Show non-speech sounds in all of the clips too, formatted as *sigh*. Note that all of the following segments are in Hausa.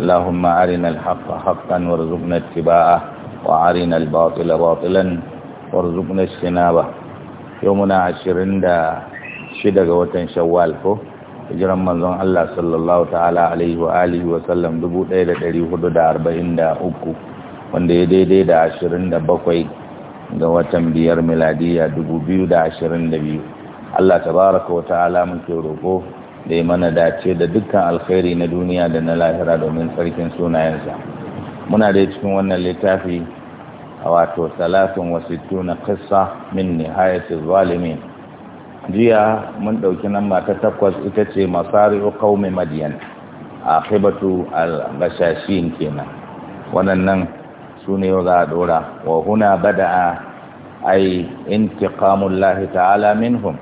اللهم أرنا الحق حقا وارزقنا اتباعه وأرنا الباطل باطلا وارزقنا اجتنابه يومنا عشرين دا شدة وتن شوال كو hijiran manzon Allah sallallahu ta'ala alaihi wa alihi wa sallam 1443 wanda ya daidai da 27 ga watan biyar miladiya biyu. Allah tabaraka wa ta'ala muke roƙo da ya mana dace da dukkan alkhairi na duniya da na lahira domin sarkin sunayensa muna da cikin wannan littafi a wato salatin wasu tuna kasa min nihayatul zalimin jiya mun ɗauki nan ta takwas ita ce masari'u qaumi madiyan A al-bashashin kenan wannan su ne yau za a dora wa huna bada'a ai intiqamullahi ta'ala minhum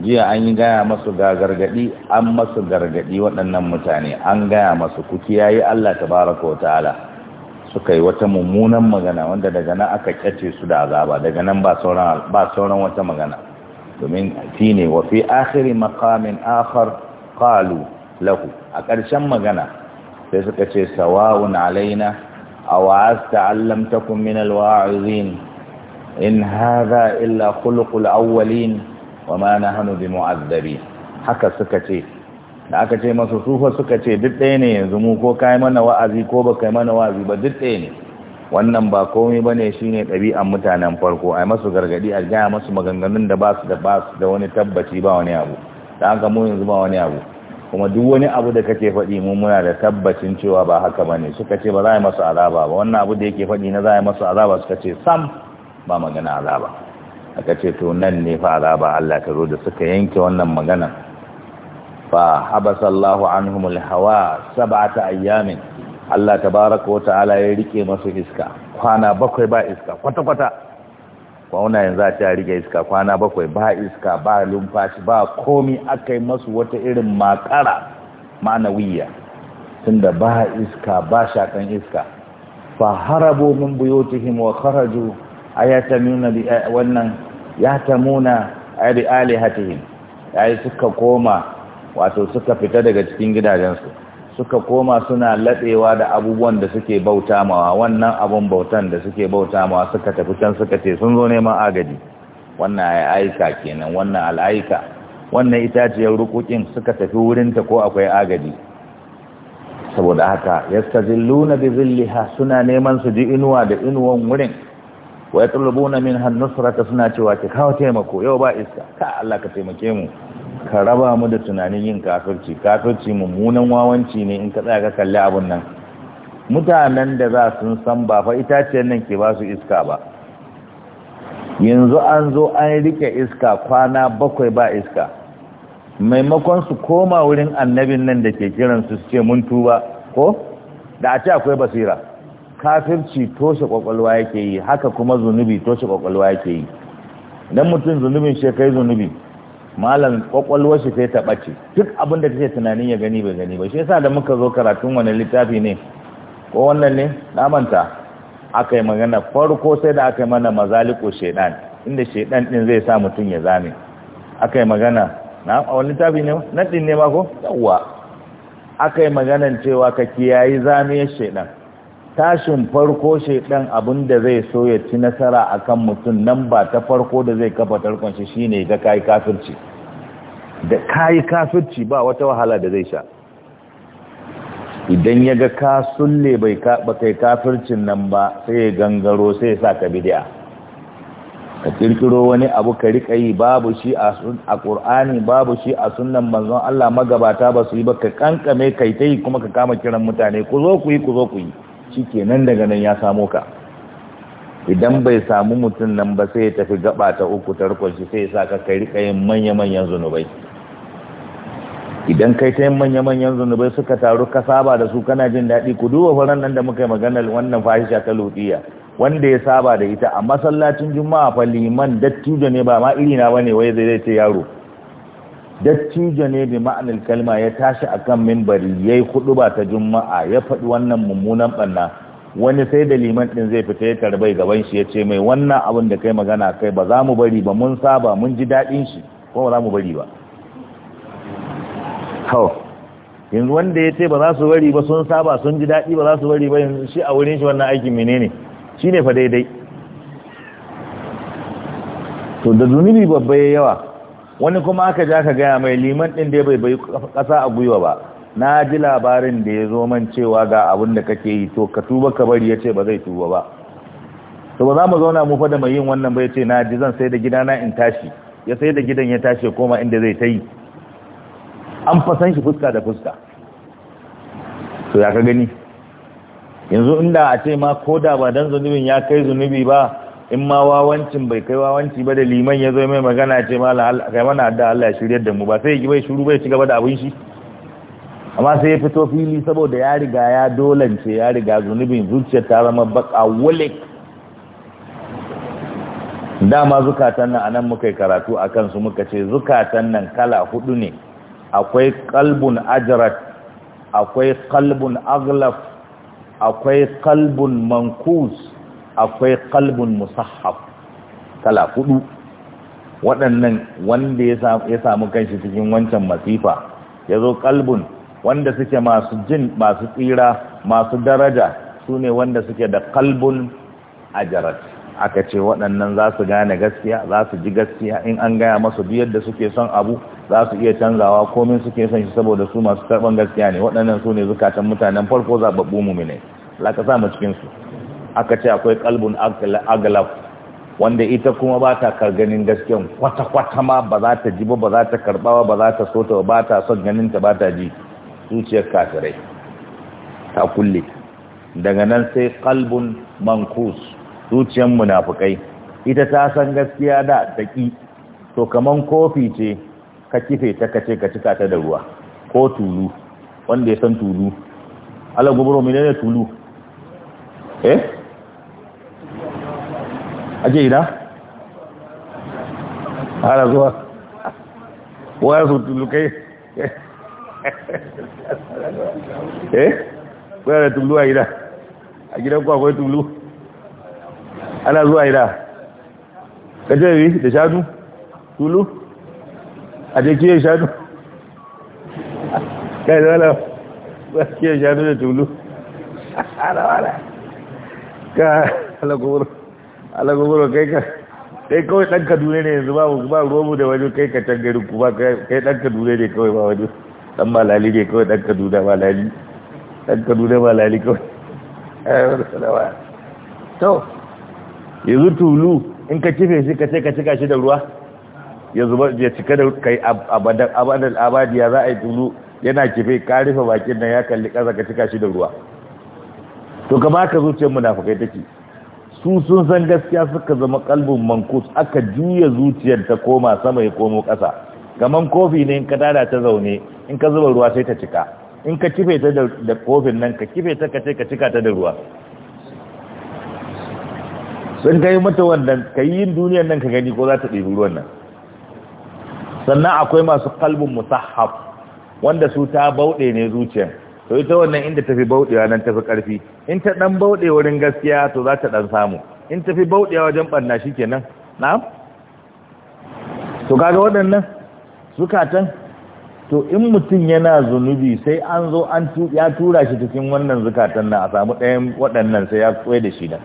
jiya an yi gaya masu ga gargadi an masu gargadi waɗannan mutane an gaya masu ku kiyaye Allah tabaraka ta'ala suka yi wata mummunan magana wanda daga nan aka kyace su da azaba daga nan ba sauran wata magana domin shine wa fi akhiri maqamin akhar qalu lahu a ƙarshen magana sai suka ce sawa'un alaina aw asta allam takum min alwa'izin in hadha illa khuluqul awwalin wa ma nahnu bi mu'azzabi haka suka ce da aka ce masu sufa suka ce duk ɗaya ne yanzu mu ko kai mana wa'azi ko ba kai mana wa'azi ba duk ɗaya ne wannan ba komai bane shine ɗabi'an mutanen farko ai masu gargadi a gaya masu maganganun da ba su da ba su da wani tabbaci ba wani abu da haka mu yanzu ba wani abu kuma duk wani abu da kake faɗi mu muna da tabbacin cewa ba haka bane suka ce ba za a yi masu azaba ba wannan abu da yake faɗi na za a yi masu azaba suka ce sam ba magana azaba aka ce to nan ne fa ba Allah ta zo da suka yanke wannan magana fa habasallahu anhumul hawa sab'ata ayyamin Allah tabaraka wa ta'ala ya rike masu iska kwana bakwai ba iska kwata kwata kwauna yanzu a ta rike iska kwana bakwai ba iska ba lumfashi ba komi akai masu wata irin makara ma'anawiya tunda ba iska ba shakan iska fa harabu min buyutihim wa kharaju nuna bi wannan ya muna ari alihatihim yi suka koma wato suka fita daga cikin gidajensu suka koma suna latsewa da abubuwan da suke bauta mawa wannan abun bautan da suke bauta mawa suka tafi can suka ce sun zo neman agaji wannan aika kenan wannan al'aika wannan itaciyar rukukin suka tafi wurinta ko akwai agaji saboda haka yastazilluna bi zilliha suna neman su ji inuwa da inuwan wurin wa min minha nusrata suna cewa ki kawo taimako yau ba iska ka Allah ka taimake mu ka raba mu da tunanin yin kafirci kafirci mummunan wawanci ne in ka tsaya ka kalli abun nan mutanen da za sun san ba fa itaciyar nan ke ba su iska ba yanzu an zo an rike iska kwana bakwai ba iska maimakon su koma wurin annabin nan da ke kiransu su ce mun tuba ko da a ce akwai basira kafirci toshe kwakwalwa yake yi haka kuma zunubi toshe kwakwalwa yake yi idan mutum zunubin shi kai zunubi malam kwakwalwar shi sai ta ɓace duk abin da take tunanin ya gani bai gani ba shi yasa da muka zo karatun wani littafi ne ko wannan ne na manta aka yi magana farko sai da aka yi mana mazaliko shaidan inda shaidan din zai sa mutum ya zame aka yi magana na wani littafi ne nan din ne ma ko yawwa aka yi maganan cewa ka kiyayi zamiyar shaidan tashin farko shaidan abin da zai so ya ci nasara akan mutum nan ba ta farko da zai kafa tarkon shi shine ga kai kafirci da kai kafirci ba wata wahala da zai sha idan ya ga ka sulle bai kai kafircin nan ba sai ya gangaro sai ya sa ka bidiya ka kirkiro wani abu ka rika yi babu shi a ƙur'ani babu shi a sunan manzon Allah magabata ba su yi ba ka kankame kai ta kuma ka kama kiran mutane ku zo ku yi ku zo ku yi nan daga nan ya samo ka idan bai samu mutum nan ba sai ya tafi gaba ta uku tarkon shi sai ya sa ka kai rika yin manya-manyan zunubai idan kai ta yin manya-manyan zunubai suka taru ka saba da su kana jin daɗi ku duba faran nan da muka yi maganar wannan fahisha ta lutiya wanda ya saba da ita a masallacin juma'a fa liman dattijo ne ba ma irina bane wai zai zai ce yaro dattijo ne bi ma'anar kalma ya tashi akan minbari ya yi hudu ba ta juma'a ya faɗi wannan mummunan ɓanna wani sai da liman ɗin zai fita ya tarbai gaban shi ya ce mai wannan abin da kai magana kai ba za mu bari ba mun saba mun ji daɗin shi ko ba za mu bari ba hau yanzu wanda ya ce ba za su bari ba sun saba sun ji daɗi ba za su bari ba yanzu shi a wurin shi wannan aikin menene shi ne fa daidai to da zunubi babba ya yawa wani kuma aka ja ka gaya mai liman ɗin ya bai bai kasa a gwiwa ba na ji labarin da ya zo man cewa ga abin da kake yi to ka tuba ka bari ya ce ba zai tuba ba to ba za mu zauna mu fa da mai yin wannan ba ya ce na ji zan sai da gidana in tashi ya sai da gidan ya tashi koma inda zai ta yi an fasan shi fuska da fuska to ya ka gani yanzu inda a ce ma ko da ba dan zunubin ya kai zunubi ba in ma wawancin bai kai wawanci ba da liman ya zo mai magana ce ma kai mana adda Allah ya shiryar da mu ba sai ya bai shuru bai ci gaba da abin shi amma sai ya fito fili saboda ya riga ya dolance ya riga zunubin zuciyar ta zama baka wulik dama zukatan nan anan muka karatu a kansu muka ce zukatan nan kala hudu ne akwai kalbun ajarat akwai kalbun aglaf akwai kalbun mankus akwai kalbin musahaf kala hudu waɗannan wanda ya samu kanshi cikin wancan masifa ya zo kalbin wanda suke masu jin masu tsira masu daraja su ne wanda suke da kalbin ajarat aka ce waɗannan za su gane gaskiya za su ji gaskiya in an gaya masu biyar da suke son abu za su iya canzawa komin suke son shi saboda su masu karɓar gaskiya ne waɗannan su ne zukatan mutanen farko zaɓaɓɓu mu ne laƙasa sa mu cikinsu aka ce akwai kalbun agalaf wanda ita kuma ba ta kar ganin gaskiyan kwata-kwata ma ba za ta ji ba ba za ta karba ba za ta so ta ba ta son ganin ta ba ta ji zuciyar kafirai ta kulle daga nan sai kalbun mankus zuciyar munafukai ita ta san gaskiya da daki to kaman kofi ce ka kife ta kace ka cika ta da ruwa ko tulu wanda ya san tulu ala mai ne tulu eh aje ina ara zuwa waya su tulukai *laughs* eh kuna da tulu a ina a gidan ku akwai tulu ana zuwa ina kajewi da shanu tulu a je kiyon shanu *laughs* kai da wala kiyon shanu da tulu ara *laughs* wala ka halakowar alagogoro kai ka kai kawai ɗan kaduna ne yanzu babu ba romu da wajen kai ka can garin kuma kai ɗan kaduna ne kawai ba wajen ɗan malali ne kawai ɗan kaduna malali ɗan kaduna malali kawai *laughs* to yanzu tulu in ka kife shi ka ce ka cika shi da ruwa yanzu zuba ya cika da kai abadan abadan abadiya za a yi tulu yana kife ka rufe bakin nan ya kalli ƙasa ka cika shi da ruwa to kama ka zuciyar munafukai take su sun san gaskiya suka zama kalbin mankus aka juya zuciyar ta koma sama ya komo ƙasa Kamar kofi ne in ka tada ta zaune in ka zuba ruwa sai ta cika in ka kife ta da kofin nan ka kife ta ka ce ka cika ta da ruwa sun kai mata wannan ka yi yin duniyar nan ka gani ko za ta ɗebi ruwan nan sannan akwai masu kalbin musahaf wanda su ta bauɗe ne zuciyar to ita wannan inda tafi bauɗewa nan tafi ƙarfi in ta ɗan bauɗe wurin gaskiya to za ta ɗan samu in tafi bauɗewa wajen ɓanna shi ke nan, na'am to kaga waɗannan zukatan to in mutum yana zunubi sai an zo an ya tura shi cikin wannan zukatan nan a samu ɗayan waɗannan sai ya tsoye da shi nan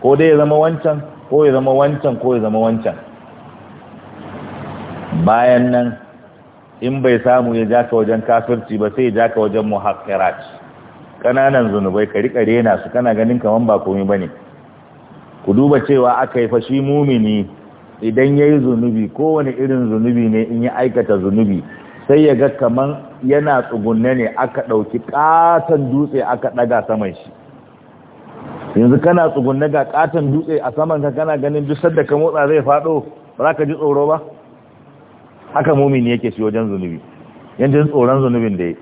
ko dai ya zama wancan ko ya zama wancan ko ya zama wancan bayan nan in bai samu ya ja ka wajen kafirci ba sai ya ja ka wajen muhaqqirat kananan zunubai ka rika rena su kana ganin kaman ba komai bane ku duba cewa aka yi fashi mumini idan yayi zunubi kowane irin zunubi ne in ya aikata zunubi sai ya ga kaman yana tsugunne ne aka dauki katan dutse aka daga saman shi yanzu kana tsugunne ga katan dutse a saman ka kana ganin duk sadda ka motsa zai faɗo? ba za ka ji tsoro ba haka mumini yake shi wajen zunubi yanzu tsoron zunubin da ya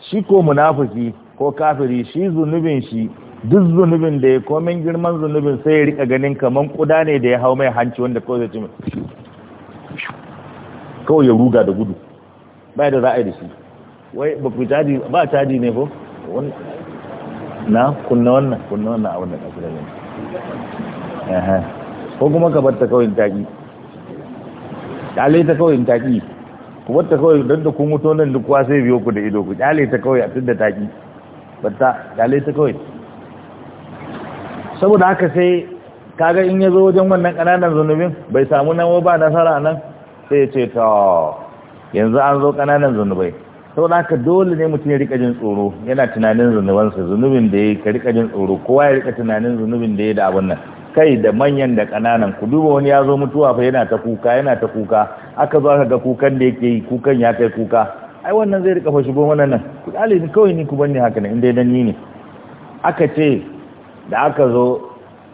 shi ko munafiki ko kafiri shi zunubin shi duk zunubin da ya komin girman zunubin sai ya rika ganin kaman kuda ne da ya hau mai hanci wanda kawai zai ci mai kawai ya ruga da gudu bai da za yi da shi wai ba ku caji ba caji ne ko na kunna wannan kunna wannan a wannan da ne ko kuma ka bar ta kawai taki kyale ta kawai in ki ku wata kawai don da kun mutu nan duk sai biyo ku da ido ku kyale ta kawai a tun da ki batta kyale ta kawai saboda haka sai kaga in ya zo wajen wannan kananan zunubin bai samu nan ba nasara nan sai ya ce ta yanzu an zo kananan zunubai saboda haka dole ne mutum ya rika jin tsoro yana tunanin zunubansa zunubin da ya rika jin tsoro kowa ya rika tunanin zunubin da ya da abin nan kai da manyan da kananan ku duba wani ya zo mutuwa fa yana ta kuka yana ta kuka aka zo aka ga kukan da yake yi kukan ya kai kuka ai wannan zai rika fashi gon nan ku dale ni kawai ni ku banni haka ne inda dan ni ne aka ce da aka zo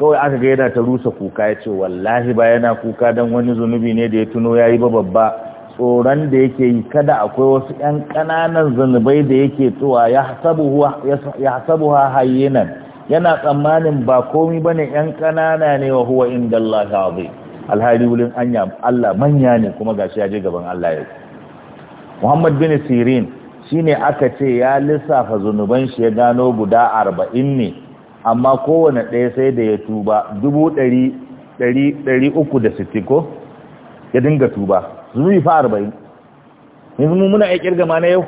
kawai aka ga yana ta rusa kuka ya ce wallahi ba yana kuka dan wani zunubi ne da ya tuno yayi ba babba tsoron da yake yi kada akwai wasu 'yan kananan zunubai da yake tuwa ya hasabu ha hayyanan yana tsammanin ba komi bane yan kanana ne wa huwa inda Allah zai alhali wulin anya Allah manya ne kuma gashi ya je gaban Allah ya Muhammad bin Sirin shine aka ce ya lissafa zunuban shi ya gano guda arba'in ne amma kowane ɗaya sai da ya tuba dubu ɗari uku da sittin ko ya dinga tuba zunubi fa arba'in yanzu mu muna iya kirgama na yau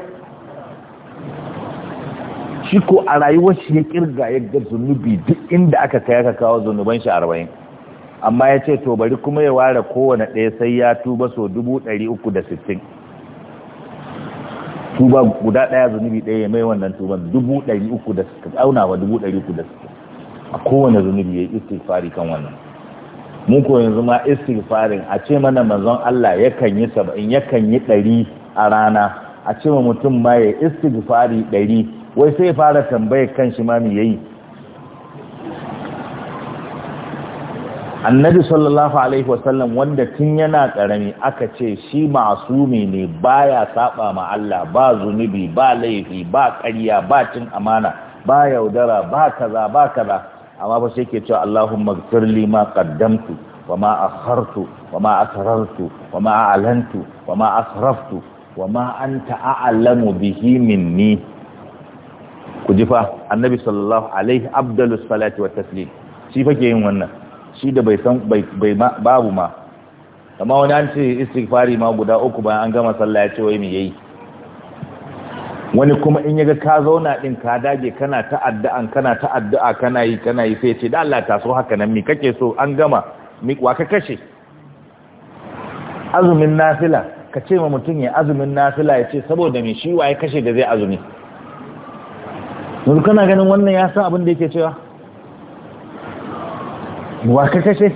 shi ko a rayuwar shi ya kirga ya ga zunubi duk inda aka kai aka kawo zunuban shi arba'in amma ya ce to bari kuma ya ware kowane ɗaya sai ya tuba so dubu ɗari uku da sittin tuba guda ɗaya zunubi ɗaya ya mai wannan tuban dubu ɗari uku da sittin auna wa dubu ɗari uku da sittin a kowane zunubi ya yi istighfari kan wannan mu ko yanzu ma istighfarin a ce mana manzon Allah yakan yi saba'in yakan yi ɗari a rana a ce mutum ma ya istighfari ɗari wai sai fara tambayar kan shi ma me yayi annabi sallallahu alaihi wasallam wanda tun yana karami aka ce shi ma'asumi ne baya saba ma Allah ba zunubi ba laifi ba ƙarya ba cin amana ba yaudara ba kaza ba kaza amma ba sai ke cewa Allahumma ighfir li ma qaddamtu wa ma akhartu wa ma asrartu wa ma a'lantu wa ma asraftu wa ma anta a'lamu bihi minni ku ji fa annabi sallallahu alaihi abdalus salati wa taslim shi fake yin wannan shi da bai san bai babu ma amma wani an ce istighfari ma guda uku bayan an gama sallah ya ce wai me yayi wani kuma in yaga ka zauna din ka dage kana ta addu'a kana ta addu'a kana yi kana yi sai ce da Allah ta so haka nan mi kake so an gama mi wa ka kashe azumin nafila ka ce ma mutum ya azumin nafila ya ce saboda me shi waye kashe da zai azumi yanzu kana ganin wannan ya san abin da yake cewa wa kashe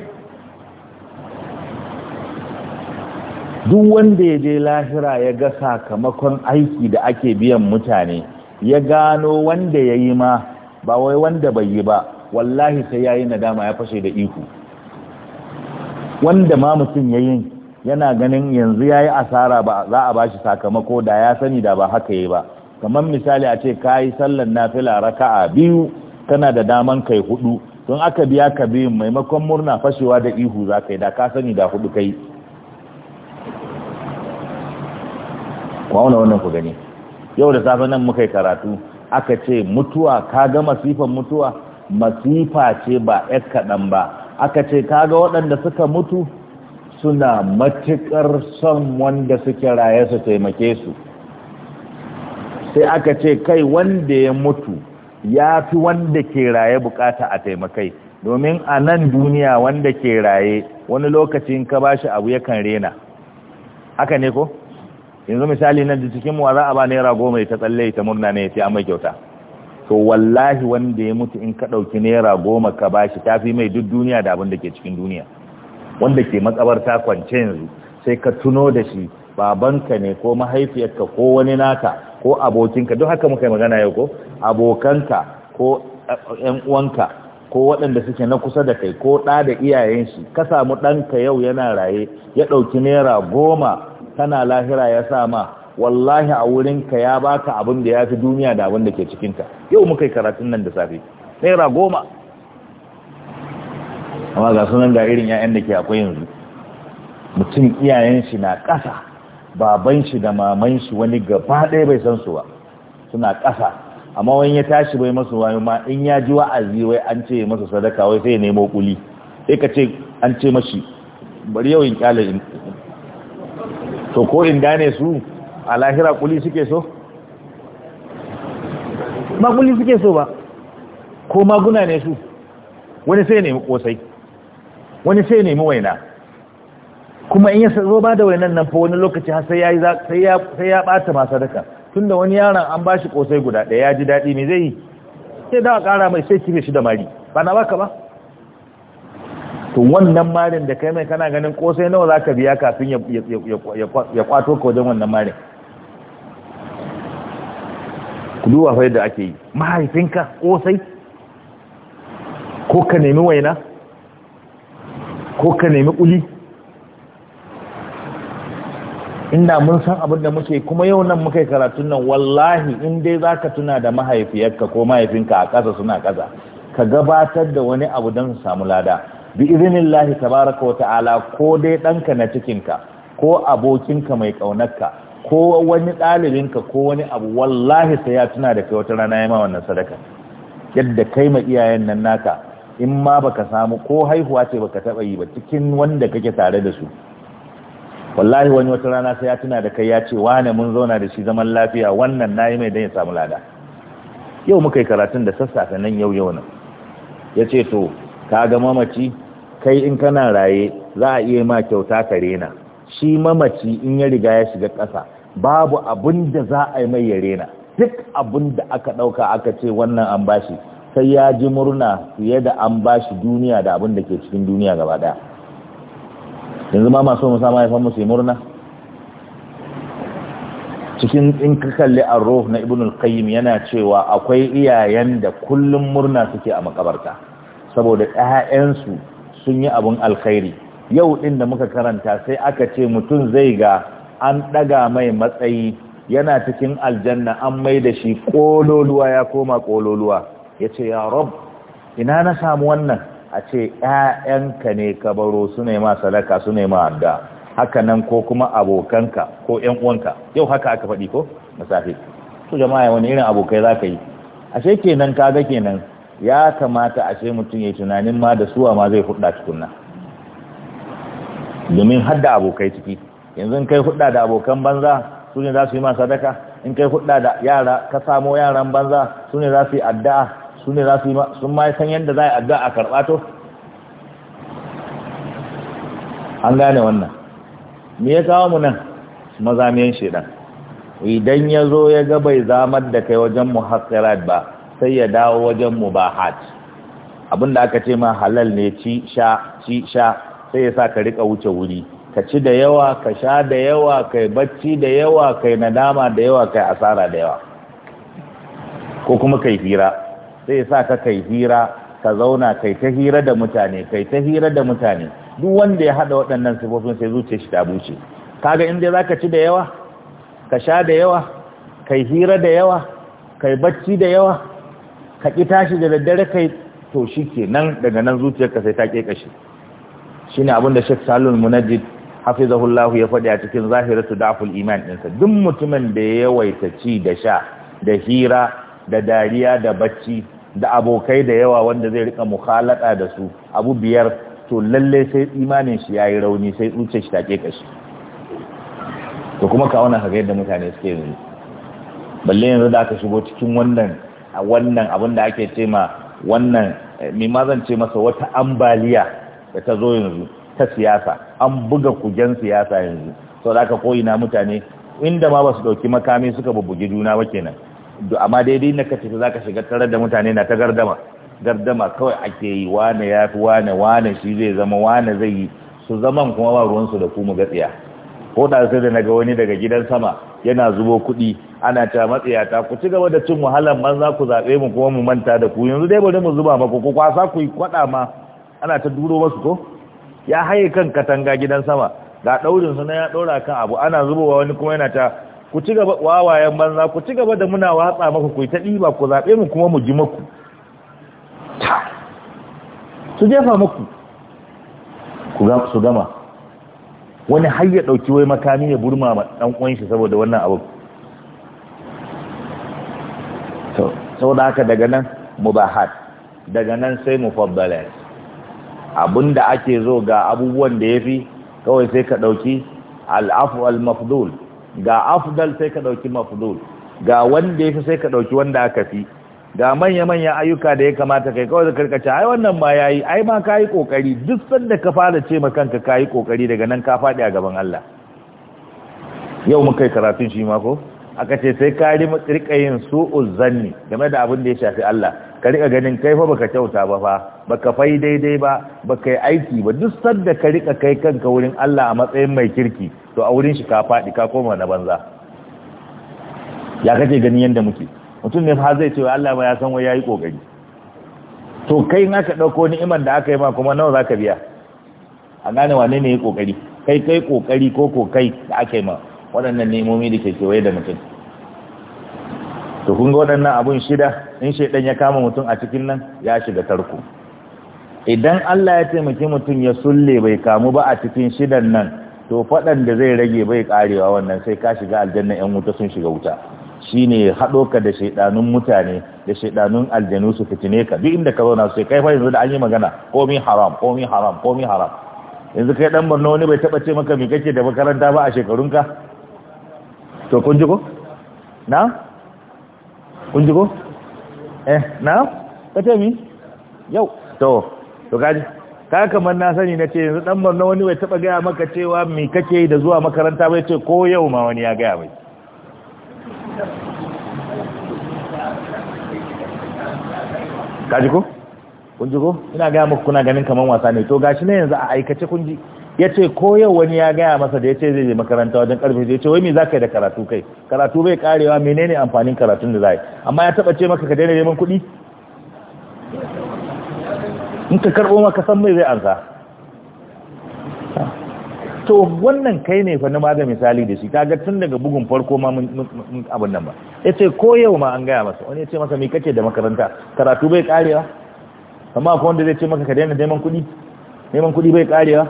duk wanda ya je lahira ya ga sakamakon aiki da ake biyan mutane ya gano wanda ya yi ma ba wai wanda bai yi ba wallahi sai ya yi nadama ya fashe da iku wanda ma mutum ya yi yana ganin yanzu ya yi asara ba za a ba shi sakamako da ya sani da ba haka yi ba kamar misali a ce ka yi sallar nafila raka'a biyu tana da daman kai hudu don aka biya ka biyun maimakon murna fashewa da ihu za ka yi da ka sani da hudu kai kwauna wannan ku gani yau da safe nan muka yi karatu aka ce mutuwa ka ga masifan mutuwa masifa ce ba ‘yar kaɗan ba aka ce ka ga waɗanda suka mutu suna matuƙar son wanda suke raye su taimake su sai aka ce kai wanda ya mutu ya fi wanda ke raye bukata a taimakai domin a nan duniya wanda ke raye wani lokacin ka ba shi abu yakan rena haka ne ko yanzu misali nan da cikin wa za a ba naira goma ta tsalle ta murna ne ya amma kyauta to wallahi wanda ya mutu in ka ɗauki naira goma ka ba shi tafi mai duk duniya da abin da ke cikin duniya wanda ke matsabar ta kwance yanzu sai ka tuno da shi babanka ne ko mahaifiyarka ko wani naka ko abokinka don haka muka yi magana yau ko abokanka ko eh, uwanka ko waɗanda suke na kusa da kai ko ɗa da iyayen shi ka samu ɗanka yau yana raye ya ɗauki naira goma tana lahira ya sa ma wallahi a wurinka ya baka abin da ya fi duniya da abin da ke cikinta yau muka yi karatun nan da safe naira goma amma ga sunan ga irin 'ya'yan da ke akwai yanzu mutum iyayen shi na ƙasa baban shi da maman shi wani gaba ɗaya bai san su ba suna ƙasa amma wani ya tashi bai masu wani ma in ya ji wa'azi wai an ce masa sadaka wai sai ya nemo kuli sai ka ce an ce mashi bari yau in kyale in to ko in gane su a lahira kuli suke so ba kuli suke so ba ko maguna ne su wani sai ya nemi kosai wani sai ya nemi waina kuma in ya zo ba da wainan nan fa wani lokaci har sai yayi sai ya sai ya bata ma sadaka tunda wani yaron an bashi kosai guda ɗaya ya ji daɗi me zai yi sai da ƙara mai sai kibe shi da mari ba na baka ba to wannan marin da kai mai kana ganin kosai nawa zaka biya kafin ya ya kwato ka wajen wannan marin ku duba fa yadda ake yi mahaifinka kosai ko ka nemi waina ko ka nemi kuli inda mun san abin da muke kuma yau nan muka yi karatun nan wallahi in dai za ka tuna da mahaifiyarka ko mahaifinka a ƙasa suna ƙasa ka gabatar da wani abu don su samu lada bi lahi tabaraka wa ta'ala ko dai ɗanka na cikinka ko abokinka mai ƙaunarka ko wani ɗalibinka ko wani abu wallahi sai ya tuna da kai wata rana ya ma wannan sadaka yadda kai ma iyayen nan naka in ma baka samu ko haihuwa ce baka taɓa yi ba cikin wanda kake tare da su wallahi wani wata rana sai ya tuna da kai ya ce wane mun zauna da shi zaman lafiya wannan na yi mai don ya samu lada yau muka yi karatun da sassafe nan yau yau nan ya ce to ka ga mamaci kai in kana raye za a iya ma kyauta ka rena shi mamaci in ya riga ya shiga ƙasa babu abin da za a yi mai ya rena duk abin da aka ɗauka aka ce wannan an bashi sai ya ji murna fiye da an bashi duniya da abin da ke cikin duniya gaba ɗaya yanzu ma masu musa mahaifan musu murna cikin in ka kalli roh na ibn al-qayyim yana cewa akwai iyayen da kullum murna suke a makabarta saboda ɗaya'yansu sun yi abun alkhairi yau ɗin da muka karanta sai aka ce mutum zai ga an ɗaga mai matsayi yana cikin aljanna an mai da shi ƙololuwa ya koma ƙololuwa ya ce ya rob ina na samu wannan a ce ‘ya'yanka ne ka baro su ne ma sadaka su ne ma adda haka nan ko kuma abokanka ko ‘yan uwanka yau haka aka faɗi ko masafi su jama'a wani irin abokai za ka yi ashe kenan kaga kenan ya kamata ashe mutum ya tunanin ma da suwa ma zai hudda tukunna domin hadda abokai ciki yanzu kai hudda da abokan banza su ne za su yi ma sadaka in kai hudda da yara ka samo yaran banza su ne za su yi addu'a su ne za su yi sun ma san yadda za a addu'a a karɓa to an gane wannan me ya kawo mu nan mazamiyan shaidan idan ya zo ya ga bai zamar da kai wajen hasirat ba sai ya dawo wajen mubahat abinda aka ce ma halal ne ci sha ci sha sai ya sa ka rika wuce wuri ka ci da yawa ka sha da yawa kai bacci da yawa kai nadama da yawa kai asara da yawa ko kuma kai hira sai sa ka kai hira ka zauna kai ta hira da mutane kai ta hira da mutane duk wanda ya hada waɗannan sifofin sai zuciya shi ta buce kaga in dai zaka ci da yawa ka sha da yawa kai hira da yawa kai bacci da yawa ka ki tashi da daddare kai to shikenan daga nan zuciyar ka sai ta shi shine abin da Sheikh Salul Munajjid hafizahullah ya faɗi a cikin zahiratu da'ful iman ɗinsa duk mutumin da ya yawaita ci da sha da hira da dariya da bacci da abokai da yawa wanda zai rika mukhalata da su abu biyar to lalle sai imanin shi yayi rauni sai zuciyar shi take kashi to kuma ka wannan kaga yadda mutane suke yanzu balle yanzu da aka shigo cikin wannan wannan abin da ake ce ma wannan mai eh, ma zan ce masa wata ambaliya da ta zo yanzu ta siyasa an buga kujen siyasa yanzu saboda da koyi na mutane inda ma ba su ɗauki makami suka bubbugi juna ba kenan amma daidai na ka tafi ka shiga tare da mutane na ta gardama gardama kawai ake yi wane ya fi wane wane shi zai zama wane zai yi su zaman kuma ba ruwansu da ku mu gatsiya ko da sai da naga wani daga gidan sama yana zubo kuɗi ana ta ta ku ci gaba da cin wahalan man za ku zaɓe mu kuma mu manta da ku yanzu dai bari mu zuba maku ko kwasa ku yi kwaɗa ma ana ta duro masu ko ya haye kan katanga gidan sama ga ɗaurin su na ya ɗora kan abu ana zubowa wani kuma yana ta ku ci gaba wawayen banza ku ci gaba da muna watsa maka ku ta ɗiba ku zaɓe mu kuma mu ji maku su jefa maku su gama wani har ya ɗauki wai makami ya burma ma ɗan uwan shi saboda wannan abu saboda haka daga nan mubahat daga nan sai mufaddalat abinda ake zo ga abubuwan da yafi kawai sai ka ɗauki al'afu al-mafdul ga afdal sai ka ɗauki mafudul ga wanda ya fi sai ka ɗauki wanda aka fi ga manya manya ayyuka da ya kamata kai kawai da karkace ai wannan ma yayi ai ma ka yi kokari duk sanda ka fara ce ma kanka ka yi kokari daga nan ka faɗi a gaban Allah yau muka yi karatun shi ma ko aka ce sai ka rika yin su'uz zanni game da abin da ya shafi Allah ka rika ganin kai fa baka kyauta ba fa baka fai daidai ba baka yi aiki ba duk sanda ka rika kai kanka wurin Allah a matsayin mai kirki to a wurin shi ka faɗi ka koma na banza ya kace gani yanda muke mutum ne fa zai ce Allah ba ya san wai yayi kokari to kai in aka dauko ni'imar da aka yi ma kuma nawa zaka biya a gane wane ne yayi kokari kai kai kokari ko ko kai da aka yi ma waɗannan nemomi da ke kewaye da mutum to kun ga waɗannan abun shida in shaidan ya kama mutum a cikin nan ya shiga tarko idan Allah ya taimaki mutum ya sulle bai kamu ba a cikin shidan nan to faɗan da zai rage bai karewa wannan sai ka shiga aljanna yan wuta sun shiga wuta shine haɗo ka da shaidanun mutane da shaidanun aljanu su fitine ka duk inda ka zauna sai kai fa yanzu da an yi magana komi haram komi haram komi haram yanzu kai dan barno wani bai taba ce maka me kake da makaranta ba a shekarunka to kun ji ko na kun ko eh na kace mi yau to to kaji ka kamar na sani na ce yanzu dan barna wani bai taba gaya maka cewa me kake da zuwa makaranta bai ce ko yau ma wani ya gaya mai kaji ko kun ji ko ina gaya muku kuna ganin kaman wasa ne to gashi ne yanzu a aikace kun ji ya ce ko yau wani ya gaya masa da ya ce zai je makaranta wajen karfe zai ce wai me za ka yi da karatu kai karatu bai karewa menene amfanin karatun da za yi amma ya taba ce maka ka daina neman kuɗi in ka karɓo maka san mai zai ansa to wannan kai ne fa na ma da misali da shi kaga tun daga bugun farko ma mun abin nan ba ya ce ko yau ma an gaya masa wani ya ce masa mai kake da makaranta karatu bai karewa amma akwai wanda zai ce maka ka daina neman kuɗi neman kuɗi bai karewa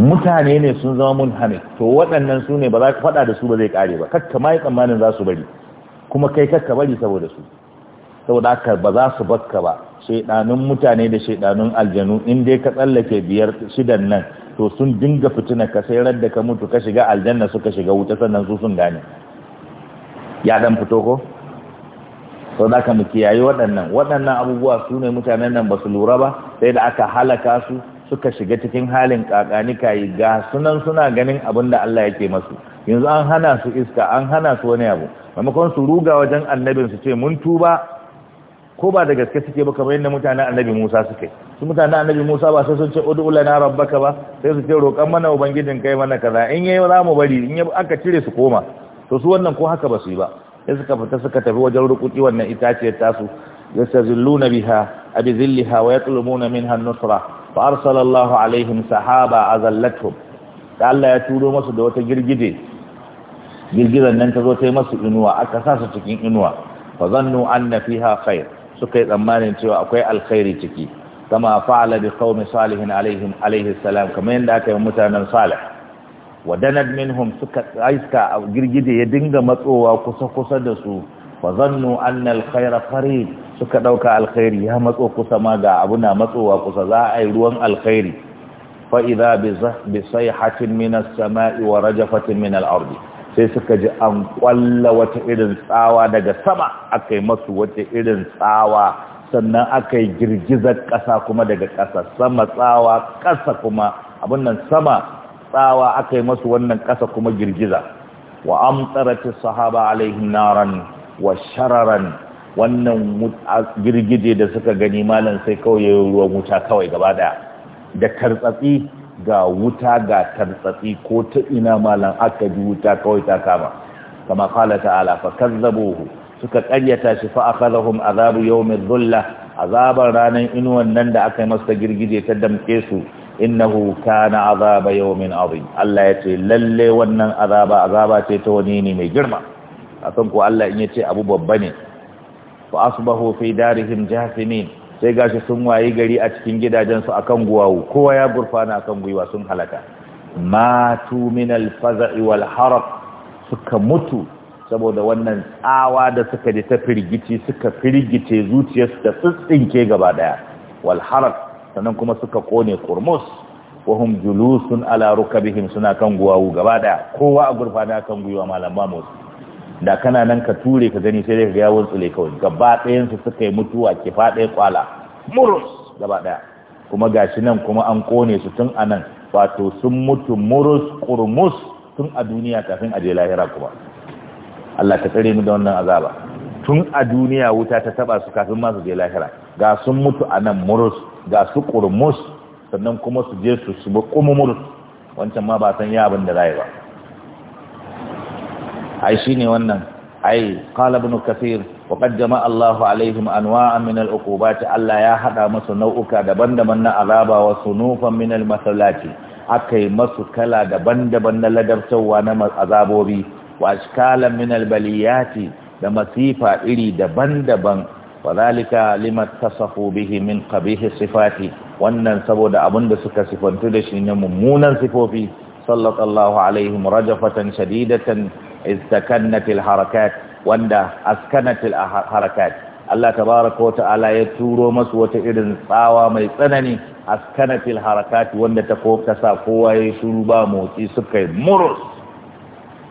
mutane ne sun zama mun hane to waɗannan su ne ba za ka faɗa da su ba zai kare ba kakka ma yi tsammanin za su bari kuma kai kakka bari saboda su saboda haka ba za su bakka ba shaidanun mutane da shaidanun aljanu in dai ka tsallake biyar shidan nan to sun dinga fitina ka sai da ka mutu ka shiga aljanna suka shiga wuta sannan su sun gane ya dan fito ko sau da aka mu kiyaye waɗannan waɗannan abubuwa su ne mutanen nan ba su lura ba sai da aka halaka su suka shiga cikin halin kakanika yi ga sunan suna ganin abin da Allah yake masu yanzu an hana su iska an hana su wani abu maimakon su ruga wajen annabin su ce mun tuba ko ba da gaske suke ba kamar yadda mutanen annabi Musa suke su mutanen annabi Musa ba sai sun ce ud'u lana rabbaka ba sai su ce roƙan mana ubangijin kai mana kaza in yayi za mu bari in aka cire su koma to su wannan ko haka ba su yi ba sai suka fita suka tafi wajen rukuki wannan itaciyar tasu yastazilluna biha abi zillaha wa yatlubuna minha an-nusra fa arsalallahu alaihim sahaba azallatuhum da Allah ya turo masu da wata girgiza. girgizan nan ta zo ta yi masu inuwa aka sa su cikin inuwa fa zannu anna fiha khair suka yi tsammanin cewa akwai alkhairi ciki kama fa'ala bi qaumi salihin alaihim alaihi salam kamar yadda aka yi mutanen salih wa danad minhum suka aiska girgije ya dinga matsowa kusa kusa da su fa zannu anna alkhaira qarib suka dauka alkhairi ya matso kusa ma ga abuna matsowa kusa za a yi ruwan alkhairi fa idza bi sayhatin min as-sama'i wa rajafatin min al-ardi sai suka ji an kwalla wata irin tsawa daga sama akai masu wata irin tsawa sannan akai girgizar kasa kuma daga kasa sama tsawa kasa kuma abun sama tsawa akai masu wannan kasa kuma girgiza wa amtaratis sahaba alaihim naran wa shararan wannan girgije da suka gani malam sai kawai ya ruwan wuta kawai gaba daya da tartsatsi ga wuta ga tartsatsi ko ta ina malam aka ji wuta kawai ta kama kama kala ta'ala fa kazzabuhu suka karyata shi fa akhadhahum azabu yawmin dhulla azabar ranan inuwan nan da aka yi masa girgije ta damke su innahu kana azaba yawmin azim Allah ya ce lalle wannan azaba azaba ce ta wani ne mai girma akan ko Allah in ya ce abu babba ne fa asbahu fi darihim jathimin sai gashi sun wayi gari a cikin gidajen su akan guwawu kowa ya gurfana akan gwiwa sun halaka matu min al-faza'i wal suka mutu saboda wannan tsawa da suka ji ta firgici suka firgice zuciyarsu da tsintsinke gaba daya wal sannan kuma suka kone kurmus wahum julusun ala rukabihim suna kan guwawu gaba daya kowa a gurfana kan gwiwa malam motsi da kana nan ka ture ka gani sai dai ka ga yawon tsule kawai gaba ɗayan su suka yi mutuwa ke faɗe kwala murus gaba ɗaya kuma gashi nan kuma an kone su tun a nan wato sun mutu murus kurmus tun a duniya kafin a je lahira kuma Allah ka tsare mu da wannan azaba tun a duniya wuta ta taba su kafin ma su je lahira ga sun mutu a nan murus ga su kurmus sannan kuma su je su su ba kuma murus wancan ma ba san ya abin da za ba ai shine wannan ai qala ibn kathir wa qad jama'a Allahu alaihim anwa'an min al-uqubat Allah ya hada musu nau'uka daban-daban na azaba wa sunufan min al-masalati akai masu kala daban-daban na ladabtawa na azabobi wa ashkalan min al-baliyati da masifa iri daban-daban wadhalika lima tasafu bihi min qabihi sifati wannan saboda abinda suka sifantu da shi ne mummunan sifofi sallallahu alaihim rajafatan shadidatan istakanna harakat wanda askanat harakat Allah tabaraka wa ta'ala ya turo masu wata irin tsawa mai tsanani askanat harakat wanda ta ko kowa ya shuru ba motsi suka yi murus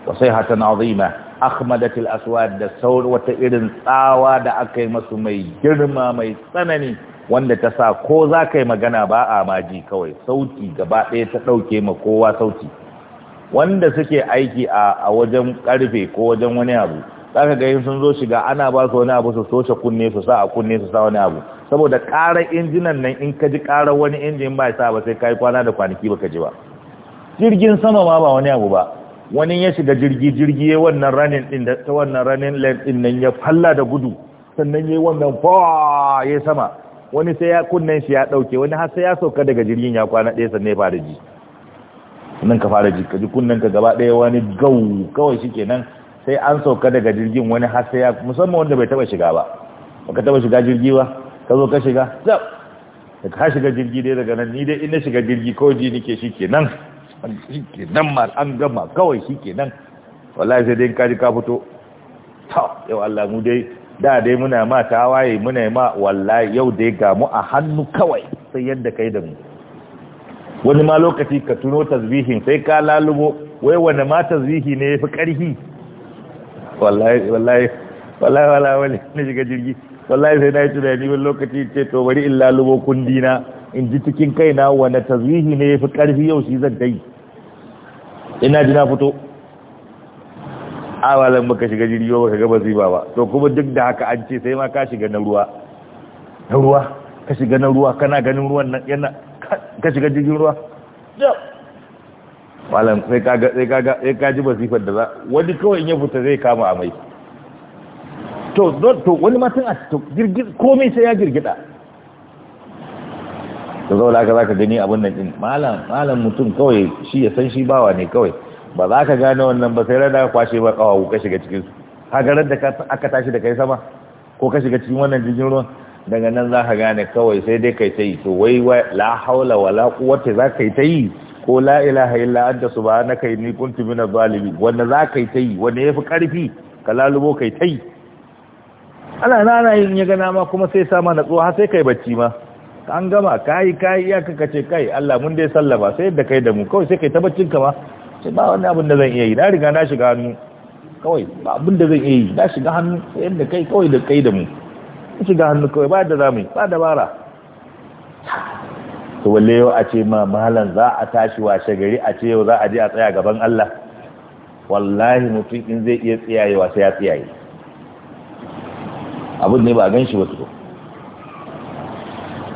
wa azima akhmadat aswad da saur wata irin tsawa da aka yi masu mai girma mai tsanani wanda ta sa ko za ka yi magana ba a maji kawai sauti gaba ɗaya ta ɗauke ma kowa sauti wanda suke aiki a wajen karfe ko wajen wani abu zaka ga sun zo shiga ana ba su wani abu su soce kunne su sa a kunne su sa wani abu saboda ƙarar injinan nan in ka ji karar wani injin ba sa ba sai kai kwana da kwanaki ka ji ba jirgin sama ma ba wani abu ba wani ya shiga jirgi jirgi ya wannan ranin din da ta wannan ranin lan din nan ya falla da gudu sannan yayi wannan fa ya sama wani sai ya kunnen shi ya dauke wani har sai ya sauka daga jirgin ya kwana ɗaya sannan ya fara ji nan ka fara ji ka ji ka gaba ɗaya wani gau kawai nan sai an sauka daga jirgin wani har sai ya musamman wanda bai taba shiga ba baka taba shiga jirgi ba ka zo ka shiga zab daga ka shiga jirgi dai daga nan ni dai ina shiga jirgi kawai ji nake shi shikenan ma an gama kawai nan wallahi sai dai ka ji ka fito ta yau Allah mu dai da dai muna ma tawaye muna ma wallahi yau dai ga mu a hannu kawai sai yadda kai da mu wani ma lokaci ka tuno tasbihin sai ka lalubo wai wani ma tasbihi ne yafi karhi wallahi wallahi wallahi wallahi wani shiga jirgi wallahi sai na yi tunani wani lokaci ce to bari in lalubo kundina in ji cikin kaina wani tasbihi ne yafi ƙarfi yau shi zan dai ina ji na fito awalan baka shiga jirgi ba ka ga basiba ba to kuma duk da haka an ce sai ma ka shiga na ruwa na ruwa ka shiga na ruwa kana ganin ruwan nan yana ka shiga jirgin ruwa malam sai kaga sai kaga sai kaji basifar da za wani kawai in ya fita zai kama amai to to wani ma tun a jirgin komai sai ya girgida da zaula ka zaka gani abin nan din malam malam mutum kawai shi ya san shi bawa ne kawai ba za ka gane wannan ba sai rada kwashe ba kawawu ka shiga cikin su ka da aka tashi da kai sama ko ka shiga cikin wannan jirgin ruwan daga nan za ka gane kawai sai dai kai ta yi to wai la haula wala quwwata za ka yi ta yi ko la ilaha illa anta subhanaka inni kuntu minaz zalimin wanda za ka yi ta yi wanda yafi karfi ka lalubo kai ta yi ana nana yin ya gana ma kuma sai sama natsuwa har sai kai bacci ma an gama kai kai ya ka ce kai Allah mun dai sallama sai yadda kai da mu kawai sai kai ta baccin ka ma sai ba wani abin da zan iya yi na riga na shiga hannu kawai ba abin da zan iya yi na shiga hannu sai yadda kai kawai da kai da mu shiga hannu kawai ba da zamu ba dabara to walle yau a ce ma malam za a tashi washe gari a ce yau za a je a tsaya gaban Allah wallahi mutum in zai iya wa sai ya tsiyaye abin ne ba gan shi wato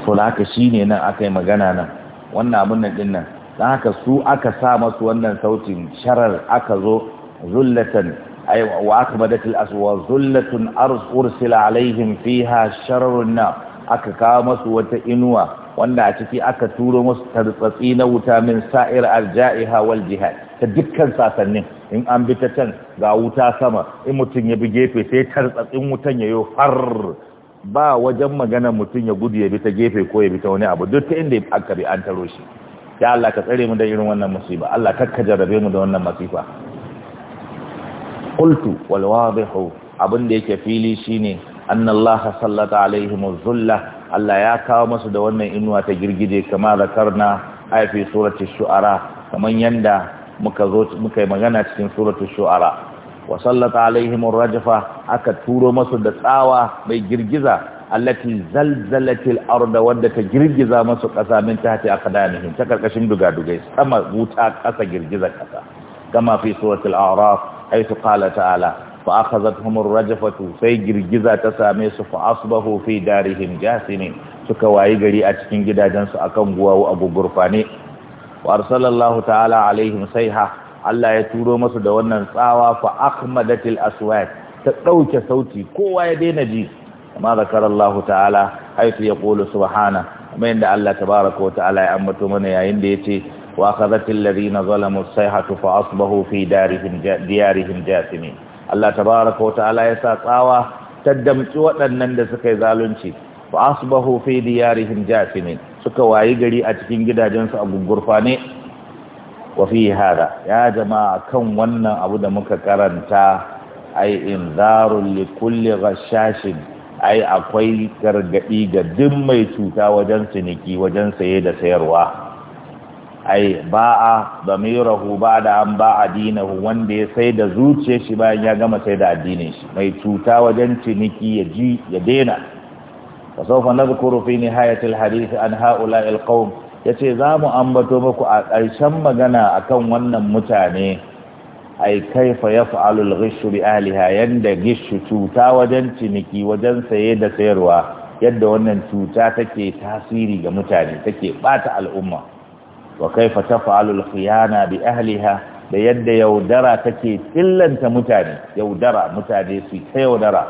to da haka shi ne nan aka yi magana nan wannan abin nan din nan don haka su aka sa masu wannan sautin sharar aka zo zullatan أي وأكبدت الأسوى ظلة wata أرسل عليهم فيها شرر النار turo وتئنوا وأن na wuta min وتا من wal jihad ta dukkan sasannin. in an bi ta can ga wuta sama in mutum ya bi gefe sai tartsatsin wutan ya yi har ba wajen magana mutum ya gudu ya bi ta gefe ko ya bi ta wani abu duk ta inda aka bi an taro shi ya Allah ka tsare mu da irin wannan musiba Allah kakka jarrabe mu da wannan masifa Kultu wal wadihu da yake fili shine annallaha sallata alaihim zulla Allah ya kawo masu da wannan inuwa ta girgije kama zakarna ay fi surati shu'ara kaman yanda muka zo muka yi magana cikin suratul shu'ara wa sallata alaihim rajfa aka turo masu da tsawa mai girgiza allati zalzalatil arda wadda ta girgiza masu kasa min tahti aqdanihim ta karkashin dugadugai sama wuta kasa girgiza kasa kama fi suratul a'raf haisu qala ta'ala fa akhadhatuhum ar-rajfatu sai girgiza ta same su fa asbahu fi darihim ne, suka wayi gari a cikin gidajensu akan guwawu abu gurfane wa arsalallahu ta'ala alaihim ha! Allah ya turo masu da wannan tsawa fa ahmadatil aswat ta dauke sauti kowa ya daina ji amma zakarallahu ta'ala ya yaqulu subhana kuma yanda Allah ta wa ta'ala ya ambato mana yayin da yace واخذت الذين ظلموا الصيحة فاصبحوا في دارهم ديارهم جاثمين الله تبارك وتعالى يسا tsawa ta damci waɗannan da suka yi zalunci fa asbahu fi diyarihim jathimin suka wayi gari a cikin gidajensu a gurgurfane wa fi hada ya jama'a kan wannan abu da muka karanta ai inzarul li kulli ghashashin ai akwai gargadi ga duk mai cuta wajen ciniki wajen saye da sayarwa ai ba'a damirahu da an ba'a dinahu wanda ya sai da zuciyar shi bayan ya gama sai da addinin shi mai cuta wajen ciniki ya ji ya dena na nadhkuru fi nihayatil hadith an ha'ula'il Ya ce za mu ambato muku a ƙarshen magana akan wannan mutane ai kaifa yaf'alu al-ghishu bi ahliha yanda gishu cuta wajen ciniki wajen saye da sayarwa yadda wannan cuta take tasiri ga mutane take bata al'umma wa kaifa taf'alul khiyana bi ahliha da yadda yaudara take illanta mutane yaudara mutane su yaudara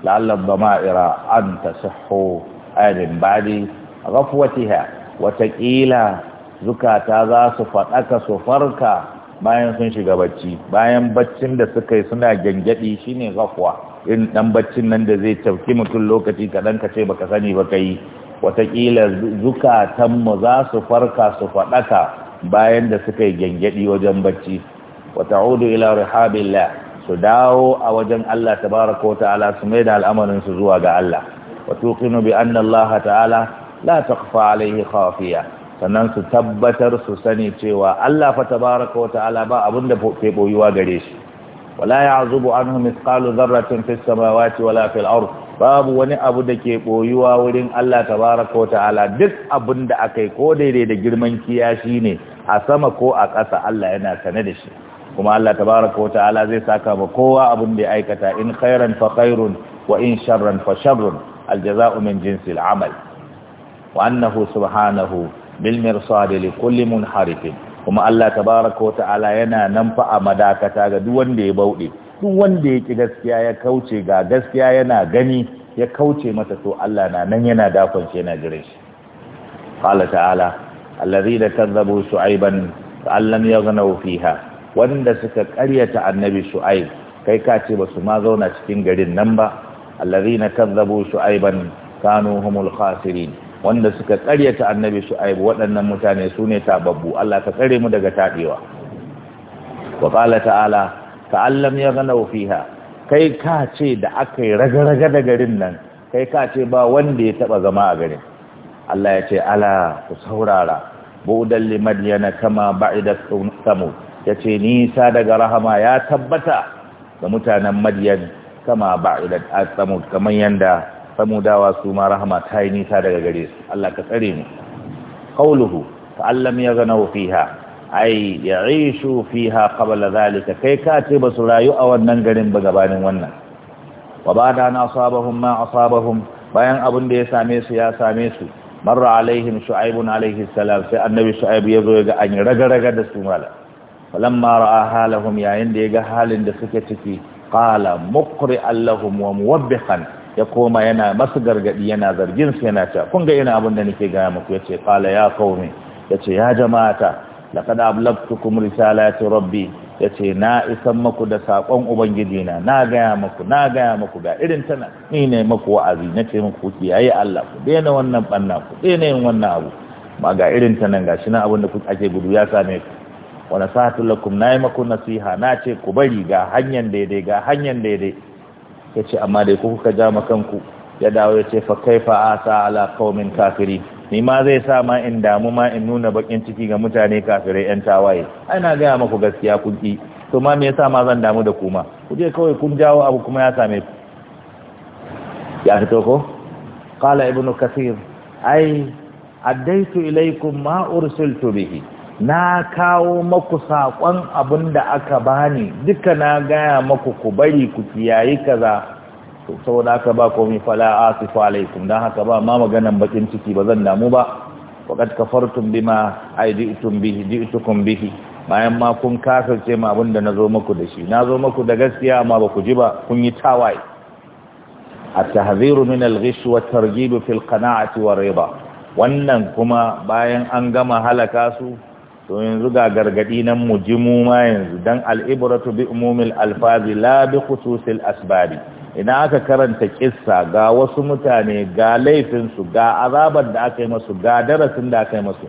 la'alla dama'ira an tasahhu adin badi ghafwatiha watakila zukata za su fadaka su farka bayan sun shiga bacci bayan baccin da suka yi suna gangadi shine ghafwa in dan baccin nan da zai tauki mutum lokaci kadan ce baka sani ba kai watakila zukatanmu za su farka su faɗaka bayan da suka yi gyangyaɗi wajen bacci wata hudu ila rihabillah su dawo a wajen Allah tabaraka wa ta'ala su mai da al'amarinsu zuwa ga Allah wato tuqinu bi annan Allah ta'ala la taqfa alayhi khafiya sannan su tabbatar su sani cewa Allah fa tabaraka wa ta'ala ba abin da ke boyuwa gare shi wala ya'zubu anhu mithqalu dharratin fis samawati wala fil ardh babu wani abu da ke boyuwa wurin Allah tabaraka wa ta'ala duk abin da aka yi ko daidai da girman kiyashi ne a sama ko a ƙasa Allah yana sane da shi kuma Allah tabaraka wa ta'ala zai saka ma kowa abin da ya aikata in khairan fa khairun wa in sharran fa sharrun aljaza'u min jinsil amal wa annahu subhanahu bil mirsad li kulli munharif kuma Allah tabaraka wa ta'ala yana nan fa a madakata ga duk wanda ya bauɗe duk wanda ya ki gaskiya ya kauce ga gaskiya yana gani ya kauce mata to Allah na nan yana dakon shi yana jiran shi qala ta'ala allazina kazzabu shu'aiban fa'allam yaghnaw fiha wanda suka karyata annabi shu'aib kai ka ce ba su ma zauna cikin garin nan ba na kazzabu shu'aiban kanu humul khasirin wanda suka karyata annabi shu'aib waɗannan mutane su ne tababbu Allah ka tsare mu daga taɗewa wa qala ta'ala ka allam ya gana fiha kai ka ce da aka yi raga-raga da garin nan kai ka ce ba wanda ya taɓa zama a garin Allah ya ce ala ku saurara budan limadiyana kama ba'ida samu ya ce nisa daga rahama ya tabbata ga mutanen madiyan kama ba'ida samu kamar yanda samudawa su ma rahama ta yi nisa daga gare su Allah ka tsare mu qauluhu fa allam ya gana fiha ai ya rishu fiha qabla zalika kai ka ce ba su rayu a wannan garin ba gabanin wannan wa bada na asabahum ma asabahum bayan abun da ya same su ya same su marra alaihim shu'aibun alaihi salam sai annabi shu'aib ya zo ga an raga-raga da su mala falamma ra'a halahum yayin da ya ga halin da suke ciki qala muqri Allahum wa muwabbihan ya koma yana masu gargadi yana zargin su yana cewa kun ga ina abin da nake ga muku yace qala ya qaumi yace ya jama'ata laqad ablagtukum risalati rabbi yace na isan maku da sakon ubangiji na na gaya maku na gaya maku ga irin tana ni ne maku wa'azi nace maku ku yayi Allah ku daina wannan banna ku daina yin wannan abu Ma ga irin tana shi na abin da ku ake gudu ya same ku wa nasahatu lakum na yi maku nasiha na ce ku bari ga hanyar daidai ga hanyar daidai yace amma dai ku kuka ja kanku ya dawo yace fa kaifa asa ala qaumin kafirin ni ma zai sa ma in damu ma in nuna bakin ciki ga mutane kafirai yan tawaye ai na gaya maku gaskiya kun ki to ma me yasa ma zan damu da kuma ku je kawai kun jawo abu kuma ya same ku ya fito ko qala ibnu kathir ai addaitu ilaikum ma ursiltu bihi na kawo maku sakon abinda aka bani duka na gaya maku ku bari ku kiyayi kaza to saboda haka ba komai fala asifu alaikum dan haka ba ma maganan bakin ciki ba zan damu ba waqad kafartum bima aiditum bihi ji'tukum bihi bayan ma kun kafirce ma abinda nazo muku da shi nazo muku da gaskiya amma ba ku ji ba kun yi tawaye at-tahziru min al-ghish wa targhib fi al-qana'ati wa wannan kuma bayan an gama halaka su to yanzu ga gargadi nan mu ji mu ma yanzu dan al'ibratu bi umumil alfazi la bi khususil asbabi Ina aka karanta kissa ga wasu mutane ga laifinsu ga azabar da aka yi masu ga darasin da aka yi masu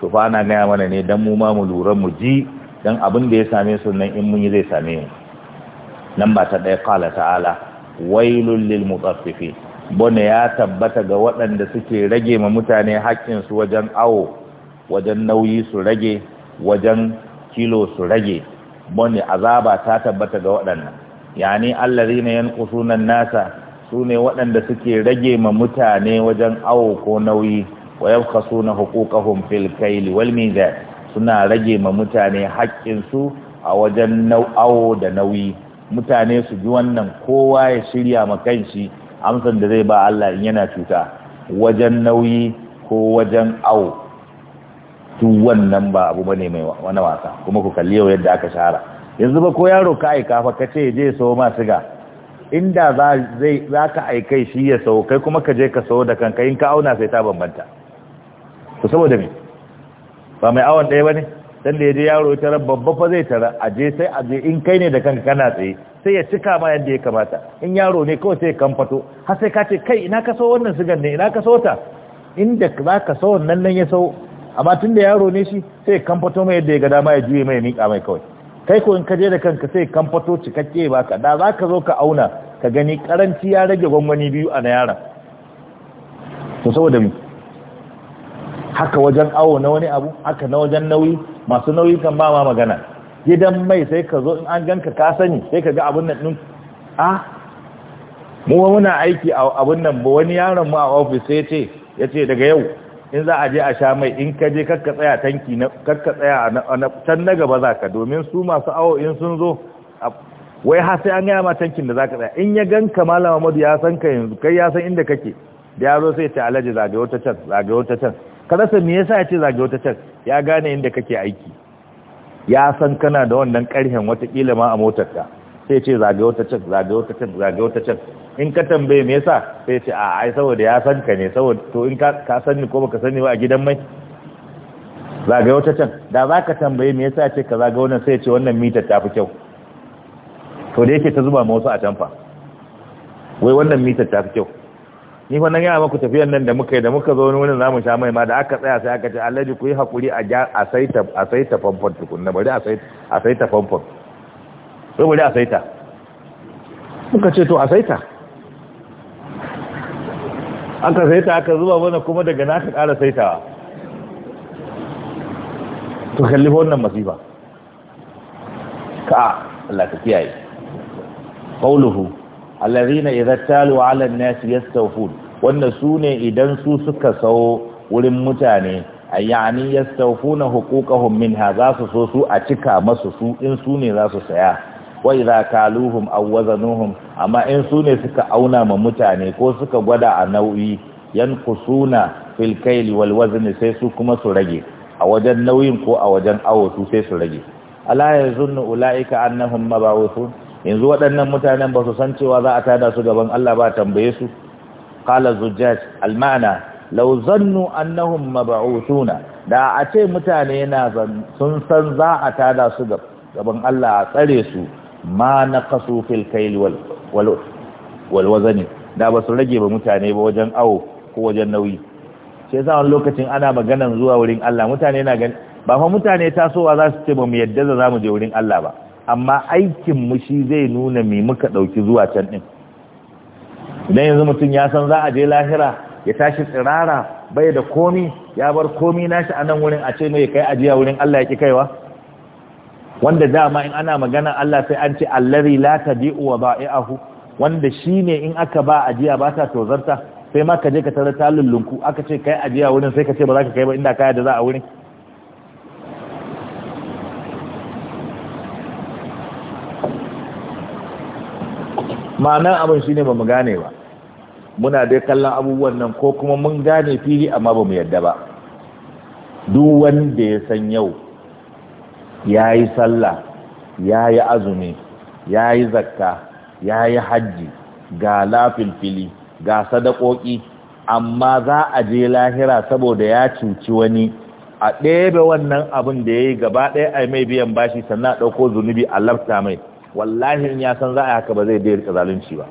to fa ana gaya mana ne don mu ma mu lura mu ji don abin da ya same su nan in mun yi zai same mu nan ba ta ɗaya kala ta'ala wailul lil mutaffifi bone ya tabbata ga waɗanda suke rage ma mutane haƙƙin su wajen awo wajen nauyi su rage wajen kilo su rage bone azaba ta tabbata ga waɗannan yani allazina yanqusuna nasa sune waɗanda suke rage ma mutane wajen awo ko nauyi wa yabkhasuna huquqahum fil kayl wal mizan suna rage ma mutane haƙƙin su a wajen awo da nauyi mutane su ji wannan kowa ya shirya ma kanshi amsan da zai ba Allah in yana cuta wajen nauyi ko wajen awo duk wannan ba abu bane mai wani wasa kuma ku kalli yau yadda aka shara. yanzu ba ko yaro ka aika fa kace je so ma siga inda za zai aika shi ya sau kai kuma ka je ka sau da kanka in ka auna sai ta bambanta to saboda me ba mai awon ɗaya bane dan da yaje yaro tara babba fa zai tara aje sai aje in kai ne da kanka kana tsaye sai ya cika ma yadda ya kamata in yaro ne kawai sai kan fato har sai ka ce kai ina ka so wannan sigan ne ina ka so ta inda za ka so wannan nan ya so amma tun da yaro ne shi sai kan fato mai yadda ya ga dama ya juye mai miƙa mai kawai kai ko in ka da kanka sai kan fato cikakke baka da za ka zo ka auna ka gani karanci ya rage gwangwani biyu a na yara to saboda mi haka wajen awo na wani abu haka na wajen nauyi masu nauyi kan ba ma magana gidan mai sai ka zo in an ganka ka sani sai ka ga abin nan a mu muna aiki a abin nan ba wani yaron mu a office sai ya ce ya ce daga yau in za a je a sha mai in ka je kakka tsaya tanki na kakka tsaya a can na gaba za ka domin su masu awo in sun zo wai har sai an gaya ma tankin da za ka tsaya in ya gan ka malama madu ya san ka yanzu kai ya san inda kake da Yaro sai ta alaji zagaye wata can zagaye wata can me yasa ya ce zagaye wata can ya gane inda kake aiki ya san kana da wannan karhen watakila ma a motar ka sai ce zagaye wata can zagaye wata can zagaye wata can in ka tambaye me yasa sai ce a ai saboda ya san ka ne saboda to in ka sani ko baka sani ba a gidan mai zagaye wata can da za ka tambaye me yasa ce ka zaga wannan sai ce wannan mitar ta fi kyau to da yake ta zuba ma wasu a can fa wai wannan mitar ta fi kyau ni wannan yana maku tafiyan nan da muka yi da muka zo wani zamu sha mai ma da aka tsaya sai aka ce alhaji ku yi hakuri a saita a saita fanfon tukunna bari a saita fanfon sai bari a saita muka ce to a saita An ka saita aka zuba mana kuma daga naka kara saitawa to kalli wannan masifa ka Allah ka kiyaye qauluhu allazina idza talu ala an-nas yastawfun wannan sune idan su suka sau wurin mutane ayyani yastawfuna huquqahum minha za su so su a cika masu su in su ne za su saya wa idza kaluhum aw amma in su ne suka auna ma mutane ko suka gwada a nau'i, 'yan kusuna kayli wal wazni sai su kuma su rage a wajen nauyin ko a wajen awo su sai su rage ala yazunnu ulaika annahum mabawuthun yanzu waɗannan mutanen ba su san cewa za a tada su gaban Allah ba tambaye su qala zujjaj al ma'ana law annahun annahum suna. da a ce mutane na sun san za a tada su gaban Allah a tsare su ma naqasu fil kayl wal wal wazani da ba su rage ba mutane ba wajen awo ko wajen nauyi sai yasa wani lokacin ana maganan zuwa wurin Allah mutane na gani ba fa mutane tasowa za su ce ba mu yadda za mu je wurin Allah ba amma aikin mu shi zai nuna me muka dauki zuwa can din idan yanzu mutum ya san za a je lahira ya tashi tsirara bai da komi ya bar komi nashi a nan wurin a ce mai kai ajiya wurin Allah ya ki kaiwa wanda dama in ana magana Allah sai an ce allazi la tadi'u wa ba'i'ahu wanda shine in aka ba ajiya ba ta tozarta sai ma ka je ka tarar ta lullunku aka ce kai ajiya wurin sai ka ce ba za ka kai ba inda kaya da za a wurin ma'anar abin shine ba mu gane ba muna dai kallon abubuwan nan ko kuma mun gane fili amma ba mu yadda ba duk wanda ya san yau ya yi sallah ya yi azumi ya yi zakka ya yi hajji ga lafilfili ga sadakoki amma za a je lahira saboda ya cuci wani a ɗebe wannan abin da ya yi gaba ɗaya a mai biyan bashi sannan a ɗauko zunubi a lafta mai wallahi in ya san za a haka ba zai dai zalunci ba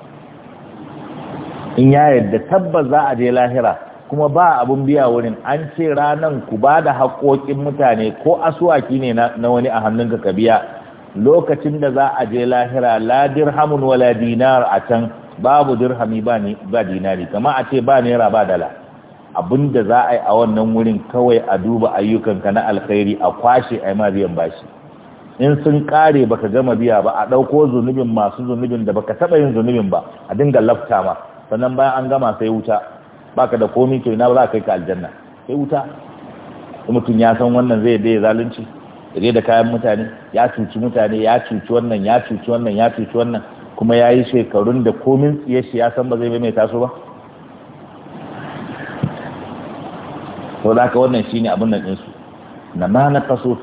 in ya yadda tabbas za a je lahira kuma ba abun biya wurin an ce ranan ku ba da haƙoƙin mutane ko asuwaki ne na wani a hannun ka biya lokacin da za a je lahira la dirhamun wala dinar a can babu dirhami ba dinari kama a ce ba naira ba dala abin da za a yi a wannan wurin kawai a duba ayyukanka na alkhairi a kwashe a yi ma biyan bashi in sun kare baka gama biya ba a ɗauko zunubin masu zunubin da baka taɓa yin zunubin ba a dinga lafta ma sannan bayan an gama sai wuta baka da komi to ina ba za ka kai ka aljanna sai wuta mutum ya san wannan zai da zalunci da da kayan mutane ya cuci mutane ya cuci wannan ya cuci wannan ya cuci wannan kuma ya yi shekarun da komin tsiye shi ya san ba zai mai taso ba to za ka wannan shine abin nan ɗinsu na ma na kaso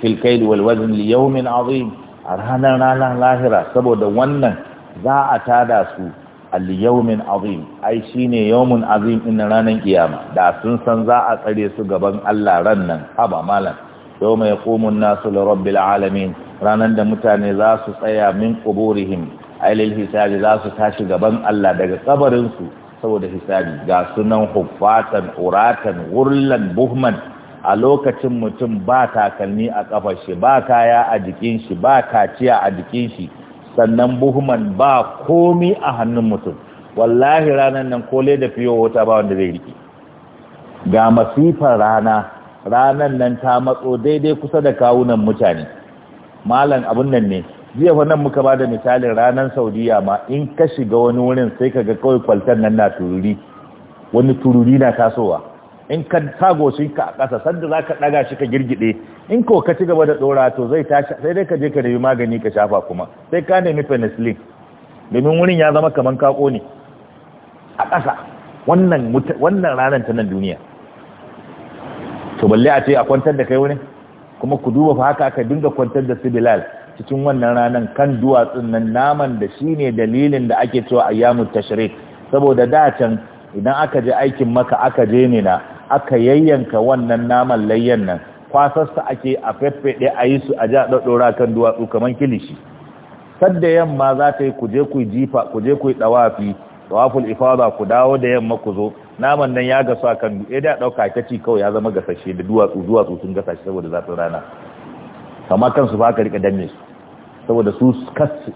filkailu walwazin liyaumin azim a ranar ranar lahira saboda wannan za a tada su al-yawmin azim ai shine yawmun azim din ranan kiyama da sun san za a tsare su gaban Allah ran nan haba malam yawma yaqumu nasu li rabbil alamin ranan da mutane za su tsaya min quburihim ai lil hisabi za su tashi gaban Allah daga kabarin su saboda hisabi ga sunan huffatan uratan gurlan buhman a lokacin mutum ba takalmi a kafar shi ba kaya a jikin shi ba kaciya a jikin shi sannan buhuman ba komi a hannun mutum wallahi ranar nan kole da fiye wata ba wanda zai riƙe. ga masifar rana ranar nan ta matso daidai kusa da kawunan mutane malam abin nan ne jiya wannan muka ba da misalin ranar saudiya ma in ka shiga wani wurin sai ka ga kawai kwaltar nan na tururi wani tururi na tasowa in ka sago shi ka a ƙasa sanda za ka ɗaga shi ka girgide in ko ka ci gaba da ɗora to zai tashi sai dai ka je ka nemi magani ka shafa kuma sai ka nemi penicillin domin wurin ya zama kamar kako ne a ƙasa wannan ranar ta nan duniya to balle a ce a kwantar da kai wani kuma ku duba fa haka aka dinga kwantar da su bilal cikin wannan ranar kan duwatsun nan naman da shine dalilin da ake cewa ayyamu tashrik saboda da can idan aka je aikin maka aka je na. aka yayyanka wannan naman layyan nan kwasarsa ake a feffeɗe a yi su a ja ɗaɗɗora kan duwatsu kamar kilishi sadda yamma za ta yi kuje ku jifa kuje ku ɗawafi ɗawaful ifada ku dawo da yamma ku zo naman nan ya gasu a kan dutse eh, da ɗauka ta ci kawai ya zama gasashe da duwatsu duwatsu sun gasa shi saboda zafin rana kama kansu ba ka riƙa danne su saboda su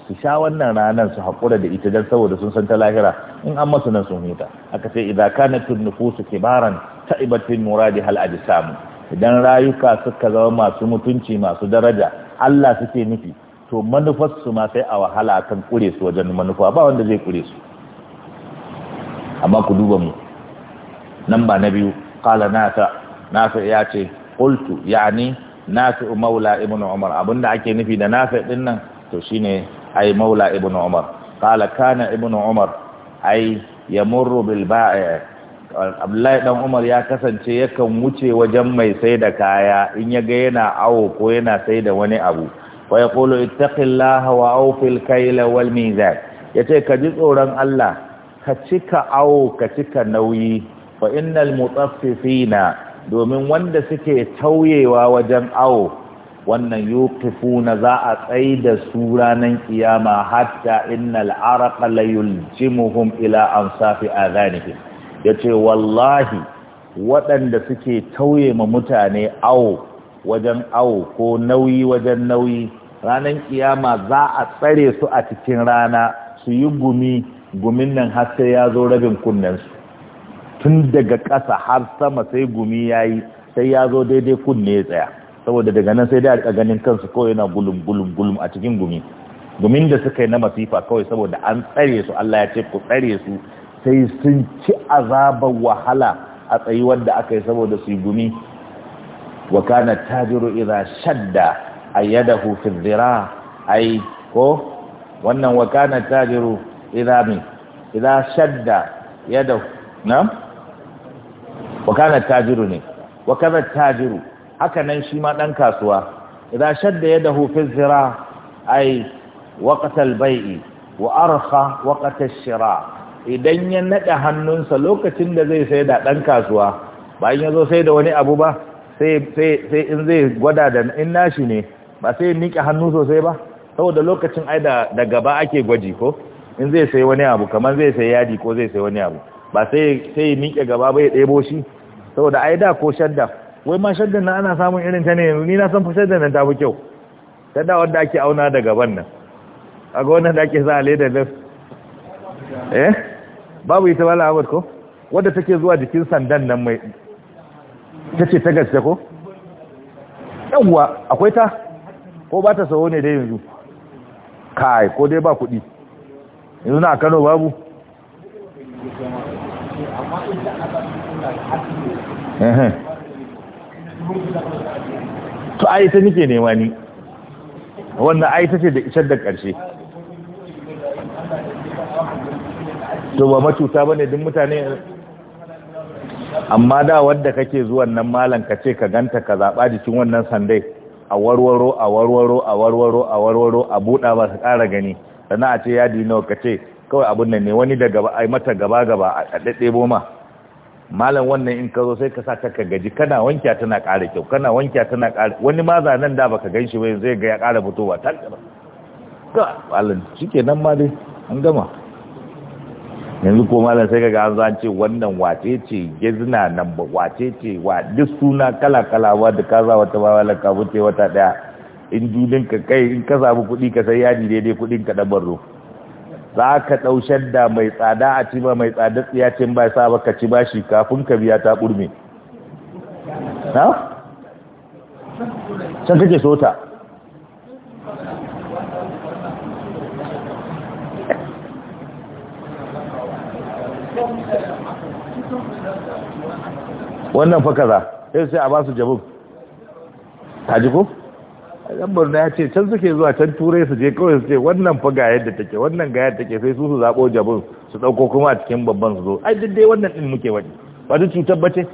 su sha wannan ranar su haƙura da ita don saboda sun san ta lahira in an masu nan sun huta aka ce idan kana tun su kibaran ta'ibatin muradi hal ajsam idan rayuka suka zama masu mutunci masu daraja Allah suke nufi to manufar su ma sai a wahala kan kure su wajen manufa ba wanda zai kure su amma ku duba mu nan ba na biyu qala nasa nasa ya ce qultu yani nasa maula ibnu umar abinda ake nufi da nasa din nan to shine ai maula ibnu umar kala kana ibnu umar ai yamurru bil ba'i abdullahi dan umar ya kasance yakan wuce wajen mai sai da kaya in ya ga yana awo ko yana sai da wani abu wa ya kolo ittaqillaha wa awfil kayla wal mizan yace ka ji tsoron Allah ka cika awo ka cika nauyi fa innal mutaffifina domin wanda suke tauyewa wajen awo wannan yuqifuna za a tsaida su ranan kiyama hatta innal araqa la ila ansafi adhanihim ya ce wallahi waɗanda suke tauye ma mutane awo wajen awo ko nauyi wajen nauyi ranar kiyama za a tsare su a cikin rana su yi gumi gumin nan har sai ya zo rabin kunnensu tun daga ƙasa har sama sai gumi ya yi sai ya zo daidai kunne ya tsaya saboda daga nan sai da a ganin kansu kawai yana gulum gulum gulum a cikin gumi gumin da suka yi na masifa kawai saboda an tsare su Allah ya ce ku tsare su sai sun ci azabar wahala a tsayi wanda aka yi saboda su gumi wa kana tajiru idza shadda ayyadahu fi dhira ai ko wannan wa kana tajiru shadda wa kana tajiru ne wa kana tajiru haka nan shi ma kasuwa idza shadda yadahu fi baii wa arha shira idan ya naɗa hannunsa lokacin da zai sai da ɗan kasuwa bayan ya zo sai da wani abu ba sai in zai gwada da in nashi ne ba sai ya miƙe hannu sosai ba saboda lokacin ai da gaba ake gwaji ko in zai sai wani abu kamar zai sai yadi ko zai sai wani abu ba sai ya miƙe gaba ba ya ɗebo shi saboda ai da ko shadda wai ma shaddan nan ana samun irin ta ne yanzu ni na san fa shaddan nan ta fi kyau shadda wanda ake auna da gaban nan a ga wannan da ake sa a leda eh babu ita ba la'awar ko wadda take zuwa jikin sandan nan mai ta ce ta gaske ko yawwa akwai ta ko ba ta saho ne dai yanzu kai ko dai ba kuɗi yanzu na kano babu to ai ta nike nema ni wannan ai ta ce da isar da ƙarshe to ba macuta ba ne duk mutane amma da wadda kake zuwan nan malam ka ce ka ganta ka zaɓa jikin wannan sandai a warwaro a warwaro a warwaro a warwaro a buɗa ba su ƙara gani sannan a ce ya dino ka ce kawai abin nan ne wani da ai mata gaba gaba a ɗaɗɗebo boma. malam wannan in ka zo sai ka sa ta ka gaji kana wankiya tana ƙara kyau kana wankiya tana ƙara wani ma zanen da baka gan shi ba zai ga ya ƙara fitowa ta ƙara ka malam shikenan ma dai an gama yanzu ko malam sai kaga an zance wannan wace ce gezina nan ba wace ce wa duk suna kala kala ba da ka za wata bawa ka wuce wata daya in dudin ka kai in ka samu kuɗi ka sai yadi daidai kuɗin ka ro za ka ɗau da mai tsada a ci ba mai tsada tsiyace ba sa ba ka ci bashi kafin ka biya ta burme na? can kake sota wannan fa kaza sai eh, sai a ba su jabin ji ko lambar na ya ce can suke zuwa can turai su je kawai su ce wannan fa ga yadda take wannan ga yadda take sai su su zaɓo jabin su ɗauko kuma a cikin babban su zo ai duk dai wannan ɗin muke waje ba duk cutar ba ce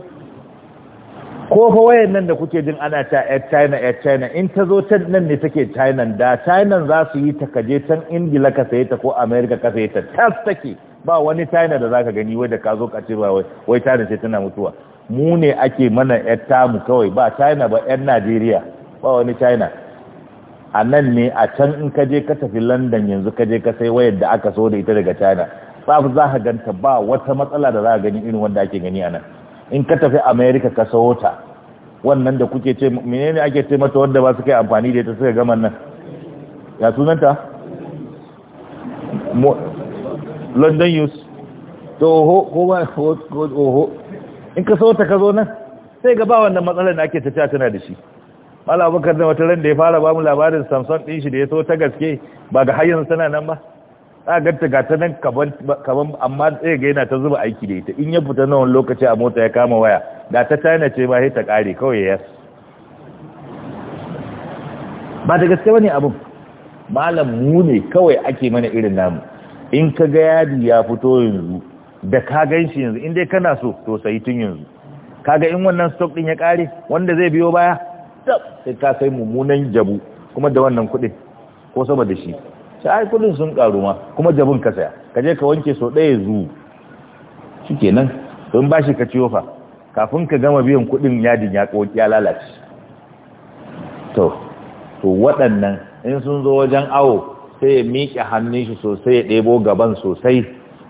ko fa wayan nan da kuke jin ana ta air china air china in ta zo ta nan ne take china da china za su yi ta can ingila ka saye ta ko america ka saye ta tas take ba wani china da zaka gani wai da ka zo ka ce wai china ce tana mutuwa mu ne ake mana ƴan tamu kawai ba china ba yan najeriya ba wani china a nan ne a can in ka je ka tafi london yanzu ka je ka sai wayar da aka so da ita daga china ba za ka ganta ba wata matsala da za ka gani irin wanda ake gani a nan in ka tafi america ka sawo ta wannan da kuke ce menene ake ce mata wanda ba su kai amfani da ita suka gama nan ya sunanta london use to ho ko ho in ka sauta ka zo nan sai ga ba wannan matsalar da ake tafiya tana da shi mala abubakar da wata ran da ya fara ba mu labarin samson din shi da ya so ta gaske ba ga hayyan sana nan ba a ta ga ta nan kaban amma sai ga yana ta zuba aiki da ita in ya fita na wani lokaci a mota ya kama waya da ta china ce ba sai ta kare kawai ya ba da gaske bane abun malam mu ne kawai ake mana irin namu in ka ga yadi ya fito yanzu da ka gan shi yanzu in dai kana so to sayi tun yanzu kaga in wannan stock din ya kare wanda zai biyo baya sai ka kai mummunan jabu kuma da wannan kudin ko sama da shi sai ai kuɗin sun karu ma kuma jabun ka saya ka je ka wanke so ɗaya zu shikenan don ba shi ka ciwo fa kafin ka gama biyan kuɗin yadin ya ya lalace to to waɗannan in sun zo wajen awo sai ya miƙe hannun shi sosai ya ɗebo gaban sosai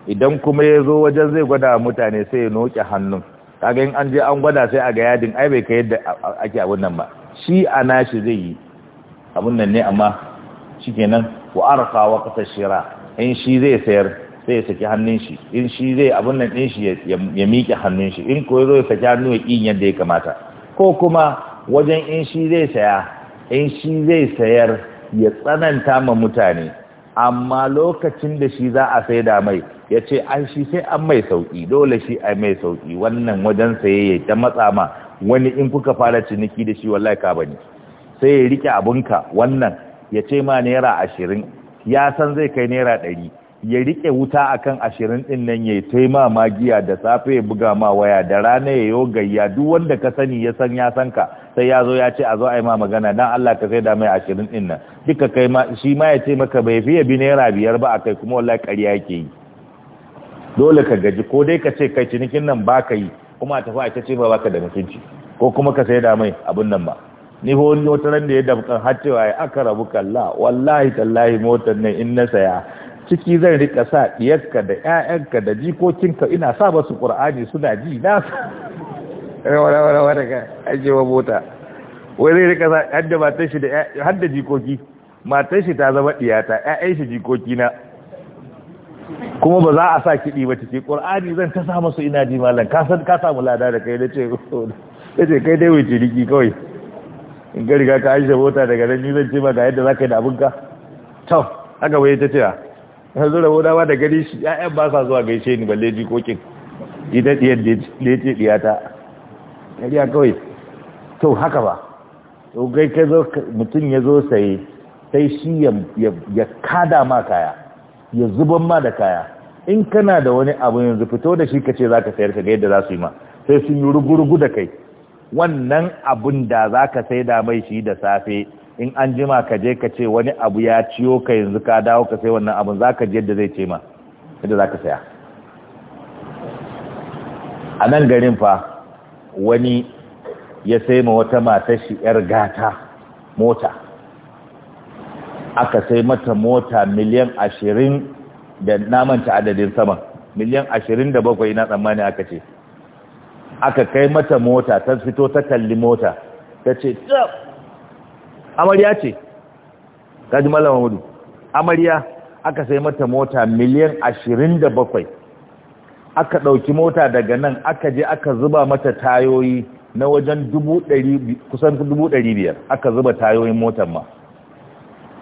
idan kuma ya zo wajen zai gwada mutane sai ya noke hannun kaga in an je an gwada sai a ga yadin ai bai ka yadda ake abun nan ba shi a nashi zai yi abun nan ne amma shi shikenan wa arfa wa kasa shira in shi zai sayar sai ya saki hannun shi in shi zai abun nan din shi ya miƙe hannun shi in koyo ya saki hannun ya ƙin yadda ya kamata ko kuma wajen in shi zai saya in shi zai sayar ya tsananta ma mutane amma lokacin da shi za a saida mai ya ce an shi sai an mai sauki dole shi a mai sauki wannan wajen sayayya ta matsa ma wani in kuka fara ciniki da shi wallahi ka bane sai ya rike abunka wannan ya ce ma naira ashirin ya san zai kai naira ɗari ya riƙe wuta akan ashirin ɗin nan ya yi ma magiya da safe ya buga ma waya da rana ya yo gayya duk wanda ka sani ya san ya san ka sai ya zo ya ce a zo a yi ma magana don Allah ka sai da mai ashirin ɗin nan duka kai ma shi ma ya ce maka bai fiye bi naira biyar ba kai kuma wallahi ƙarya yake yi dole ka gaji ko dai ka ce kai cinikin nan ba ka yi kuma a tafi a ita ce ba baka da mutunci ko kuma ka sai da mai abin nan ba ni ho wani wata da ya dabkan har cewa ya aka rabu kalla wallahi tallahi motar nan in na saya ciki zan rika sa ɗiyarka da ƴaƴanka da jikokinka ina sa basu ƙur'ani suna ji na *laughs* rawa rawa rawa daga ajewa mota wai zai rika sa hadda matar shi da hadda jikoki matar shi ta zama ɗiyata ƴaƴan shi jikoki na kuma ba za a sa kiɗi ba ciki ƙur'ani zan ta sa masu ina ji malam. ka san ka samu lada da kai ce. Oh, nace ce kai dai wuce riki kawai in ka riga ka aisha mota daga nan ni zan ce ba ga yadda zaka yi da abinka to haka wai ta ce ah, yanzu rabo dama da gani shi ya'yan ba sa zuwa gaishe ni balle jikokin ita ɗiyar da ya ce ɗiyata ƙariya kawai to haka ba to gai ka zo mutum ya zo saye sai shi ya kada ma kaya ya zuban ma da kaya in kana da wani abu yanzu fito da shi ka ce za ka sayar ka ga yadda za su yi ma sai sun yi rugurugu da kai wannan abun da za ka sai da mai shi da safe in an jima ka je ka ce wani abu ya ciyo ka yanzu ka dawo ka sai wannan abin za ka ji yadda zai ce ma yadda za ka saya a nan garin fa wani ya sai ma wata matar shi 'yar gata mota aka sai mata mota miliyan ashirin da namanta adadin saman miliyan ashirin da bakwai na tsammani aka ce aka kai mata mota ta fito ta kalli mota ta ce amarya ce gaji malam Muhammadu amarya aka sai mata mota miliyan ashirin da bakwai aka ɗauki mota daga nan aka je aka zuba mata tayoyi na wajen kusan dubu ɗari biyar aka zuba tayoyin motar ma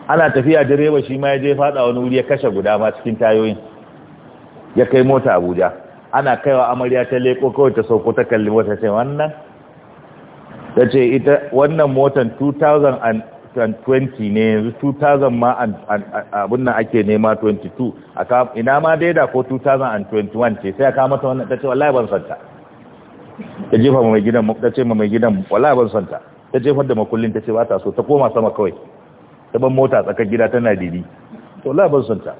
ana tafiya direba shi ma ya je faɗa wani wuri ya kashe guda ma cikin tayoyin ya kai mota abuja ana kaiwa amarya ta leko kawai ta sauko ta kalli wata ce wannan ta ce ita wannan motan 2020 ne yanzu 2000 ma abin nan ake nema 22 ina ma daida ko 2021 ce sai aka mata wannan ta ce wallahi ban santa ta jefa mai gidan ta ce mai gidan wallahi ban santa ta jefa da makullin ta ce ba ta so ta koma sama kawai ta ban mota tsakar gida tana didi to wallahi ban santa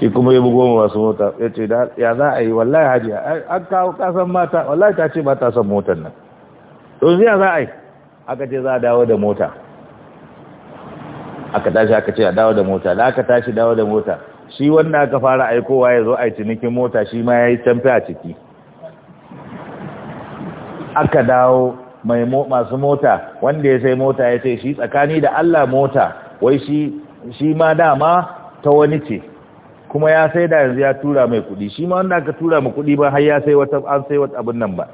shi kuma ya bugo mu wasu mota ya ce ya za a yi wallahi hajiya an kawo kasan mata wallahi ta ce ba ta son motar nan yanzu ziya za a yi aka ce za a dawo da mota aka tashi aka ce a dawo da mota da aka tashi dawo da mota shi wanda aka fara aikowa ya zo a yi cinikin mota shi ma ya yi canfi a ciki aka dawo mai masu mota wanda ya sai mota ya ce shi tsakani da Allah mota wai shi shi ma dama ta wani ce kuma ya sai da yanzu ya tura mai kudi shi ma wanda aka tura mai kudi ba har ya sai wata an sai wata abin nan ba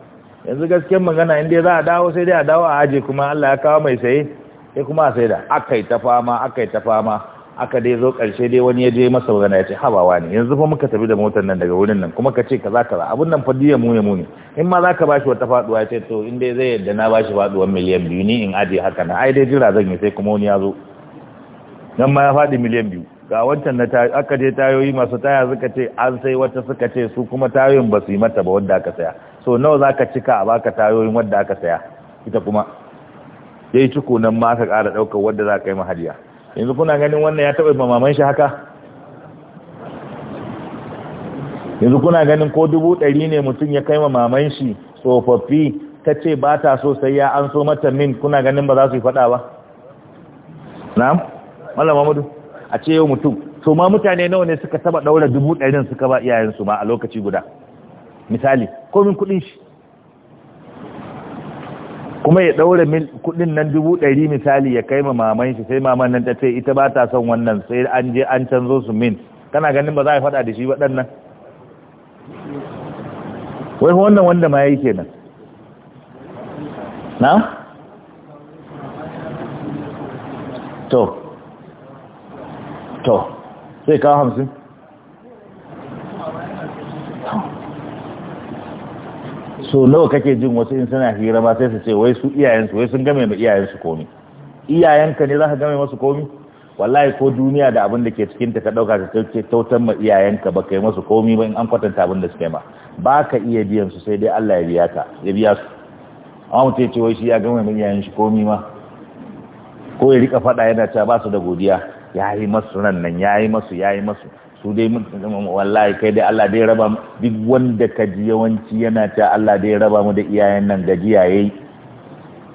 yanzu gaskiyar magana inda za a dawo sai dai a dawo a aji kuma Allah ya kawo mai saye sai kuma a saida aka yi ta fama aka yi ta fama aka dai zo ƙarshe dai wani ya je masa magana ya ce habawa ne yanzu fa muka tafi da motar nan daga wurin nan kuma ka ce kaza kaza abun nan fa diya mu ya mu in ma za ka ba shi wata faduwa ya ce to in dai zai yadda na ba shi faduwar miliyan biyu ni in aje haka na ai dai jira zan yi sai kuma wani ya zo nan ma ya faɗi miliyan biyu ga wancan na aka je tayoyi masu taya suka ce an sai wata suka ce su kuma tayoyin ba su yi mata ba wanda aka saya so nawa za ka cika a baka tayoyin wadda aka saya ita kuma ya yi ciko nan ma ka ƙara ɗaukar wadda za ka yi mahaliya yanzu kuna ganin wannan ya taɓa mamaman shi haka yanzu kuna ganin ko dubu ɗari ne mutum ya kai mamaman shi tsofaffi ta ce ba ta so sai ya an so mata min kuna ganin ba za su yi faɗa ba na'am mala mamadu a ce yau mutum so ma mutane nawa ne suka taba ɗaura dubu ɗarin suka ba iyayensu ma a lokaci guda misali komin kudin shi kuma ya daura kudin nan dubu ɗari misali ya kai ma maman shi sai maman nan ta ce ita ba ta son wannan sai an je an canzo su min kana ganin ba za a faɗa da shi waɗannan wai wannan wanda ma ya yi kenan na? to to sai kawo hamsin so nawa kake jin wasu in suna hira ba sai su ce wai su iyayensu wai sun game ma iyayensu komi iyayenka ne za ka game masu komi wallahi ko duniya da abin da ke cikin ta ka dauka ka tauce tautan ma iyayenka ba kai masu komi ba in an kwatanta abin da suke ma ba ka iya biyan su sai dai Allah ya biya ka ya biya su amma mutum ya ce wai shi ya game ma iyayen shi komi ma ko ya rika fada yana cewa ba su da godiya ya yi masu nan nan ya yi masu ya yi masu su dai wallahi kai dai Allah dai raba duk wanda ka ji yawanci yana ta Allah dai raba mu da iyayen nan gajiya yayi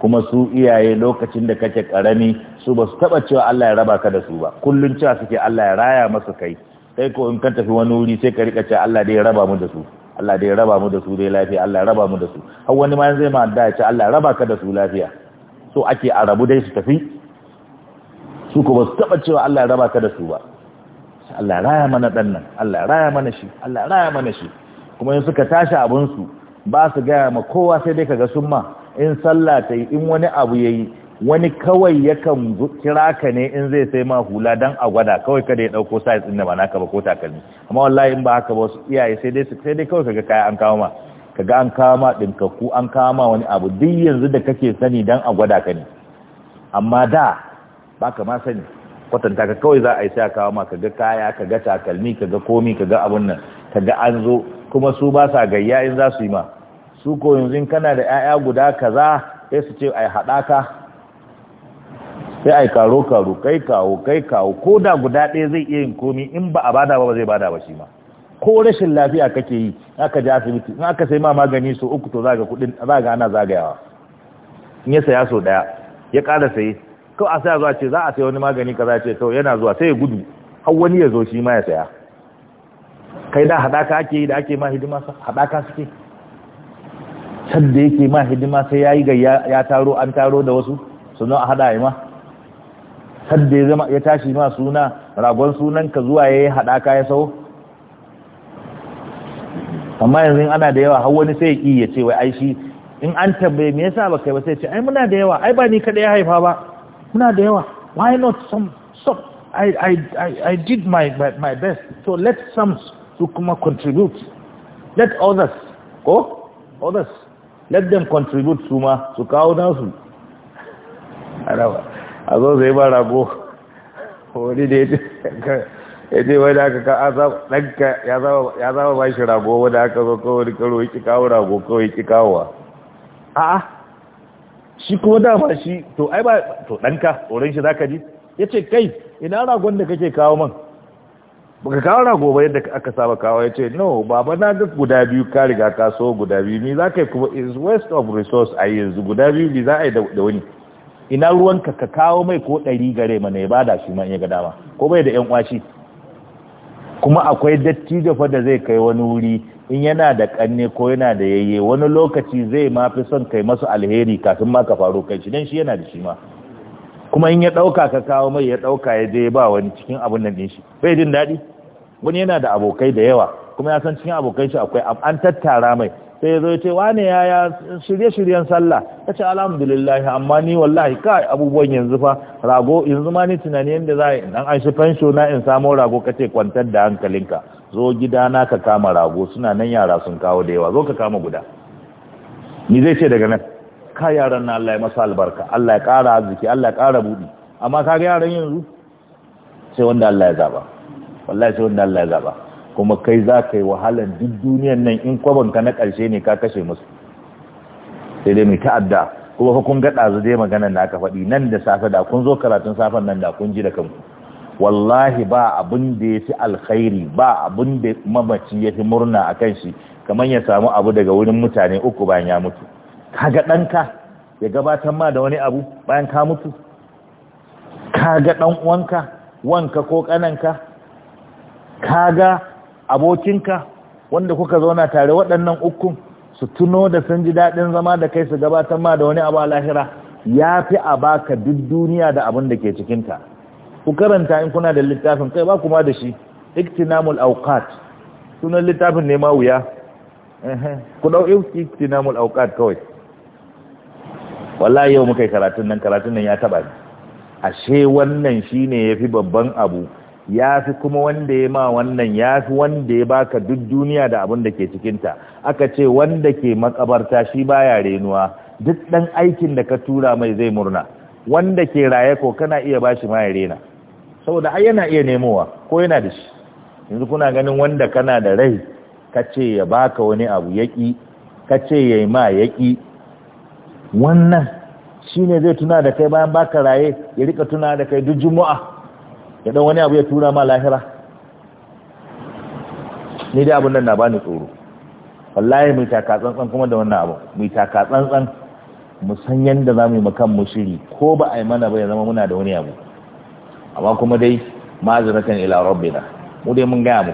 kuma su iyaye lokacin da kake karami su ba su taba cewa Allah ya raba ka da su ba kullun cewa suke Allah ya raya masa kai kai ko in ka tafi wani wuri sai ka rika cewa Allah dai ya raba mu da su Allah dai ya raba mu da su dai lafiya Allah ya raba mu da su har wani ma zai ma adda ya Allah ya raba ka da su lafiya so ake a rabu dai su tafi su ko ba su taba cewa Allah ya raba ka da su ba Allah raya mana dan nan Allah raya mana shi Allah raya mana shi kuma in suka tashi abun su ba su gaya ma kowa sai dai kaga summa in sallah ta yi in wani abu yayi wani kawai yakan kira ka ne in zai sai ma hula dan a gwada kawai kada ya dauko size din da ba naka ba ko takalmi amma wallahi in ba haka ba su iyaye sai dai sai dai kawai kaga kaya an kawo ma kaga an kawo ma an kawo ma wani abu duk yanzu da kake sani dan a gwada ka ne amma da baka ma sani kwatanta ka kawai za a yi sai a kawo ma ka ga kaya ka ga takalmi ka ga komi ka ga abun nan ka ga an zo kuma su ba sa gayya in za su yi ma su ko yanzu in kana da 'ya'ya guda kaza sai su ce ai haɗaka sai ai karo karo kai kawo kai kawo ko da guda ɗaya zai iya yin komi in ba a bada ba zai bada ba shi ma ko rashin lafiya kake yi aka ji asibiti in aka sai ma magani so uku to zaga kudin zaga ana zagayawa in ya saya so ɗaya, ya ƙara saye ko a sai zuwa ce za a sai wani magani kaza ce to yana zuwa sai ya gudu har wani ya zo shi ma ya saya kai da hadaka ake yi da ake ma hidima hadaka suke can da yake ma hidima sai ya yi ga ya taro an taro da wasu sannan a hada ma can da ya tashi ma suna ragon sunan ka zuwa ya yi hadaka ya sau amma yanzu ana da yawa har wani sai ya ƙi ya ce wai ai shi in an tambaye me yasa ba kai ba sai ce ai muna da yawa ai ba ni kada ya haifa ba muna da yawa why not some stop I, I, I, I did my, my, my best so let some to kuma contribute let others ko others let them contribute su ma su kawo nasu a zo zai ba rago wani da ya ce wani aka ka ɗanka ya zama ba shi rago wani aka zo kawai karo ya ki kawo rago kawai ki kawowa a'a shi kuma dama shi to ai ba to ɗanka tsoron shi zaka ji ya ce kai ina ragon da kake kawo man baka kawo rago ba yadda aka saba kawo ya ce no baba na ga guda biyu ka riga ka so guda biyu ni za ka yi kuma is west of resource a yanzu guda biyu ni za a yi da wani ina ruwan ka ka kawo mai ko ɗari gare mana ya bada shi ma ya ga dama ko bai da yan kwashi kuma akwai datti da fa da zai kai wani wuri in yana da kanne ko yana da yayye wani lokaci zai ma fi son kai masu alheri kafin ma ka faru kai shi dan shi yana da shi ma kuma in ya ɗauka ka kawo mai ya ɗauka ya je ba wani cikin abun nan din shi bai jin dadi wani yana da abokai da yawa kuma ya san cikin abokai shi akwai an tattara mai sai ya zo ya ce wane ya ya shirye-shiryen sallah ya ce alhamdulillah amma ni wallahi kai abubuwan yanzu fa rago yanzu ma ni tunani yadda za a yi an shi fansho na in samo rago ka ce kwantar da hankalinka zo gida na ka kama rago suna nan yara sun kawo da yawa zo ka kama guda ni zai ce daga nan ka yaran na Allah ya masa albarka Allah ya ƙara arziki Allah ya ƙara buɗi amma ka ga yaran yanzu sai wanda Allah ya zaba wallahi sai wanda Allah ya zaba kuma kai za ka yi wahalan duk duniyan nan in ka na karshe ne ka kashe musu sai dai mai ta'adda kuma fa kun ga ɗazu dai maganar na aka faɗi nan da safe da kun zo karatun safen nan da kun ji da kanku wallahi ba abin da ya fi alkhairi ba abin da mamaci ya fi murna a kan shi kamar ya samu abu daga wurin mutane uku bayan ya mutu Ka ga ɗanka ya gabatar ma da wani abu bayan ka mutu ga ɗan uwanka wanka ko ƙananka ga abokinka wanda kuka zauna tare waɗannan uku su tuno da sun ji daɗin zama da kai su gabatar ma da wani abu a lahira ya fi a baka duk duniya da abin da ke cikinta ku karanta in kuna da littafin kai ba kuma da shi iktinamul awqat sunan littafin ne ma wuya ku dau iktinamul awqat kawai wallahi yau muka karatun nan karatun nan ya taba ni ashe wannan shine yafi babban abu ya fi kuma wanda ya ma wannan ya fi wanda ya baka duk duniya da abin da ke cikinta aka ce wanda ke makabarta shi baya renuwa duk ɗan aikin da ka tura mai zai murna wanda ke raye ko kana iya bashi ma ya rena saboda ai yana iya nemowa ko yana da shi yanzu kuna ganin wanda kana da rai kace ya baka wani abu yaki kace yayi ma yaki wannan shine zai tuna da kai bayan baka raye ya rika tuna da kai duk juma'a ya dan wani abu ya tura ma lahira ni dai abun nan na bani tsoro wallahi mu taka tsantsan kuma da wannan abu mu taka tsantsan mu san yanda zamu yi makan mu shiri ko ba a yi mana ba ya zama muna da wani abu amma kuma dai ma'azratan ila rabbina mu dai mun gaya mu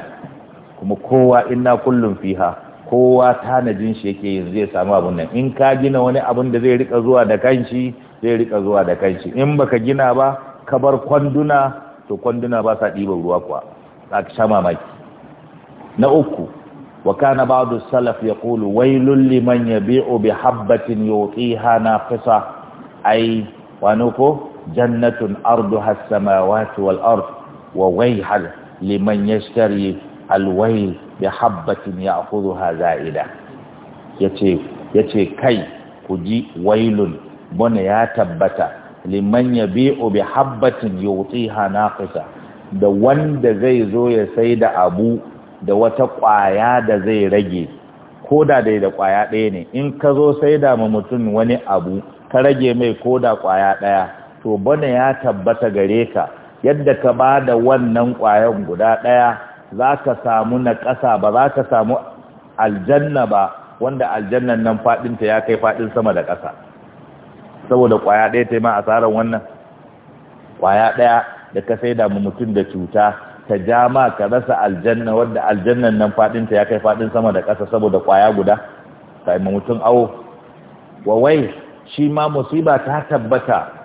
kuma kowa inna kullum fiha kowa tanajin shi yake yanzu zai samu abun nan in ka gina wani abun da zai rika zuwa da kanshi zai rika zuwa da kanshi in baka gina ba ka bar kwanduna to kwanduna ba sa ɗiban ruwa kuwa za ka sha mamaki na uku wa kana ba'du salaf yaqulu wailul liman yabi'u bi habbatin yuqiha naqisa ai wani ko jannatun arduha as-samawati wal ard wa wayhal liman yashtari alwayl bi habbatin ya'khudhuha za'ida yace yace kai ku ji wailun bone ya tabbata liman yabi'u bi habbatin yutiha naqisa da wanda zai zo ya sai da abu da wata kwaya da zai rage koda dai da kwaya ɗaya ne in ka zo sai da ma mutum wani abu ka rage mai koda kwaya ɗaya to bane ya tabbata gare ka yadda ka ba da wannan ƙwayan guda ɗaya za ka samu na ƙasa ba za ka samu aljanna ba wanda aljannan nan faɗinta ya kai faɗin sama da ƙasa saboda ƙwaya ɗaya ta yi ma tsarin wannan ƙwaya ɗaya da ka sai damu mutum da cuta ta ja ma ka rasa aljanna wadda aljannan nan faɗinta ya kai faɗin sama da ƙasa saboda ƙwaya guda ta yi mutum awo Wai shi ma musiba ta tabbata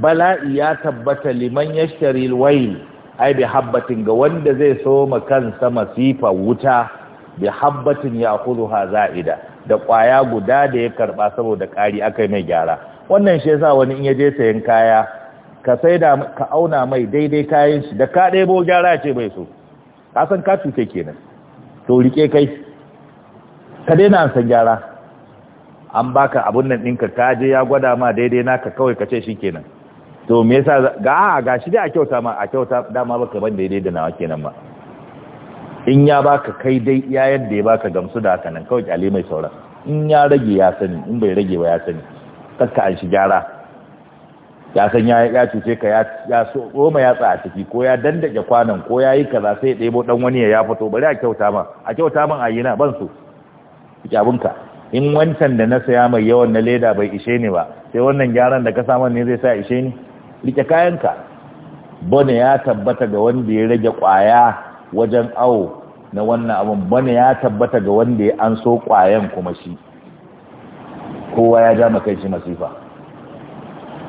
bala'i ya tabbata liman yashtari alwayl ai bi habbatin ga wanda zai so ma kansa masifa wuta bi habbatin ya'khudha za'ida da kwaya guda da ya karba saboda kari akai mai gyara wannan shi yasa wani in yaje sayan kaya ka saida ka auna mai daidai kayan shi da ka bo gyara ce bai so ka san ka tuke kenan to rike kai ka daina san gyara an baka abun nan ɗinka ka je ya gwada ma daidai naka kawai ka ce shi kenan to me yasa ga ga shi dai a kyauta ma a kyauta dama baka ban daidai da nawa kenan ma in ya baka kai dai ya yadda ya baka gamsu da haka nan kawai kyale mai sauran in ya rage ya sani in bai rage ba ya sani kaka an shi gyara ya san ya ya cuce ka ya ya so goma ya tsaya ciki ko ya dandake kwanan ko ya yi kaza sai ya ɗebo dan wani ya fito bari a kyauta ma a kyauta man na ban su abunka in wancan da na saya mai yawan na leda bai ishe ni ba sai wannan gyaran da ka samu ne zai sa ishe ni rike kayanka bane ya tabbata ga wanda ya rage kwaya wajen awo na wannan abin. bane ya tabbata ga wanda ya an so kwayan kuma shi kowa ya ja kai shi masifa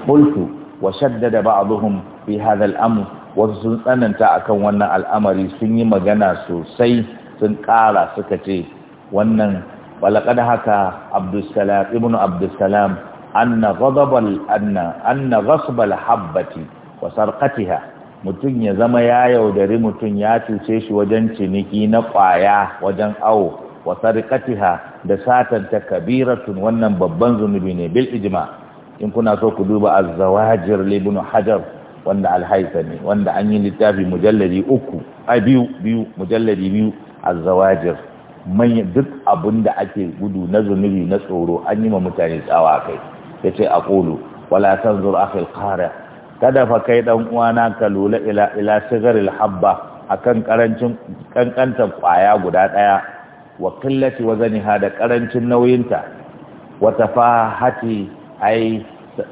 mulku wa shaddada ba'dhum fi hadha al-amr wasu sun tsananta akan wannan al'amari sun yi magana sosai sun ƙara suka ce wannan ولقد حكى عبد السلام ابن عبد السلام أن غضب أن أن غصب الحبة وسرقتها mutum ya zama ya yaudari mutum ya cuce shi wajen ciniki na kwaya wajen awo wa sarqatiha da satanta kabiratun wannan babban zunubi ne bil ijma in kuna so ku duba az-zawajir ibn hajar wanda al ne, wanda an yi littafi mujalladi uku a biyu biyu mujalladi biyu az-zawajir manya duk abin da ake gudu na zunubi na tsoro an yi ma mutane tsawa kai ya ce a ƙulu wala san a kai qara kada fa kai dan uwana ka lula ila ila ilhabba habba kan karancin kankantar kwaya guda daya wa zani ha da karancin nauyinta wa tafahati ai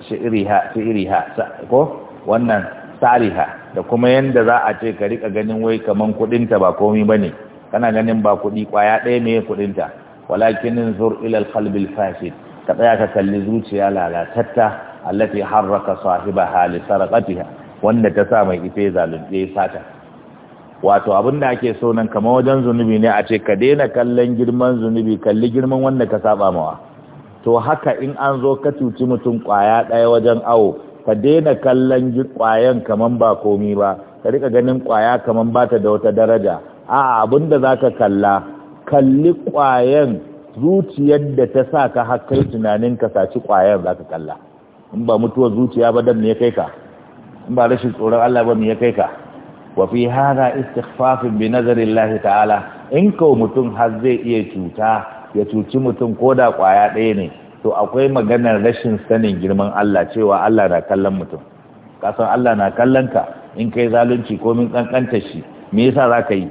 shi'riha shi'riha ko wannan ha, da kuma yadda za a ce ka rika ganin wai kaman kudinta ba komai bane kana ganin ba kuɗi kwaya ɗaya ne kuɗinta walakin zur ilal qalbil fasid ka tsaya ka kalli zuciya lalatatta allati harraka sahibaha li sarqatiha wanda ta sa mai ife zalunce sata wato abin da ake so nan kamar wajen zunubi ne a ce ka daina kallon girman zunubi kalli girman wanda ka saba mawa to haka in an zo ka cuci mutum ƙwaya ɗaya wajen awo ka daina kallon ƙwayan kamar ba komi ba ka rika ganin ƙwaya kamar ba ta da wata daraja a da za ka kalla kalli ƙwayen zuciyar da ta sa ka hakai tunanin ka saci ƙwayen za ka kalla in ba mutuwar zuciya ba dan ya kai ka in ba rashin tsoron Allah ba mu ya kai ka wa fi hada istighfafin bi Allah ta'ala in ka mutum har zai iya cuta ya cuci mutum ko da ƙwaya ɗaya ne to akwai maganar rashin sanin girman Allah cewa Allah na kallon mutum kasan Allah na kallon ka in kai zalunci ko min kankanta shi me yasa za ka yi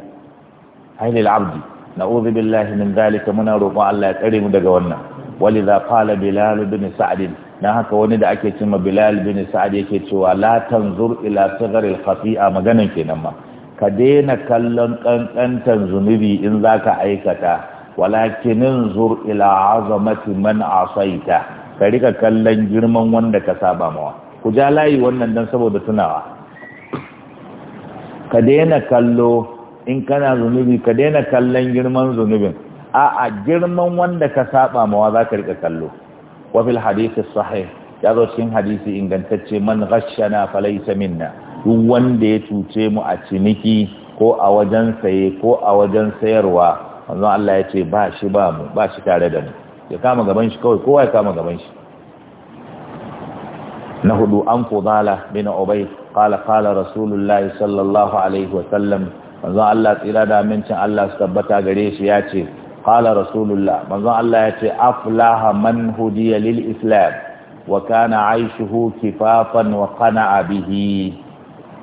ainil abdi na'udhu billahi min zalika muna roƙon Allah ya tsare mu daga wannan waliza qala bilal bin sa'd dan haka wani da ake cewa bilal bin sa'd yake cewa la tanzur ila sigharil khati'a maganan kenan ma ka daina kallon kankantan zunubi in zaka aikata walakinin zur ila azamati man asaita ka rika kallon girman wanda ka saba mawa ku ja layi wannan dan saboda tunawa ka daina kallo in kana zunubi ka daina kallon girman zunubin a'a girman wanda ka saba mawa za ka rika kallo wa fil sahih ya zo cikin hadisi ingantacce man ghashana falaysa minna duk wanda ya cuce mu a ciniki ko a wajen saye ko a wajen sayarwa manzon Allah ya ce ba shi ba mu ba shi tare da mu ya kama gaban shi kawai kowa ya kama gaban shi na hudu an fudala bin ubay qala qala rasulullahi sallallahu alaihi wa sallam manzon Allah tsira da amincin Allah su tabbata gare shi ya ce qala rasulullah manzon Allah ya ce aflaha man hudiya lil islam wa kana aishuhu kifafan wa qana'a bihi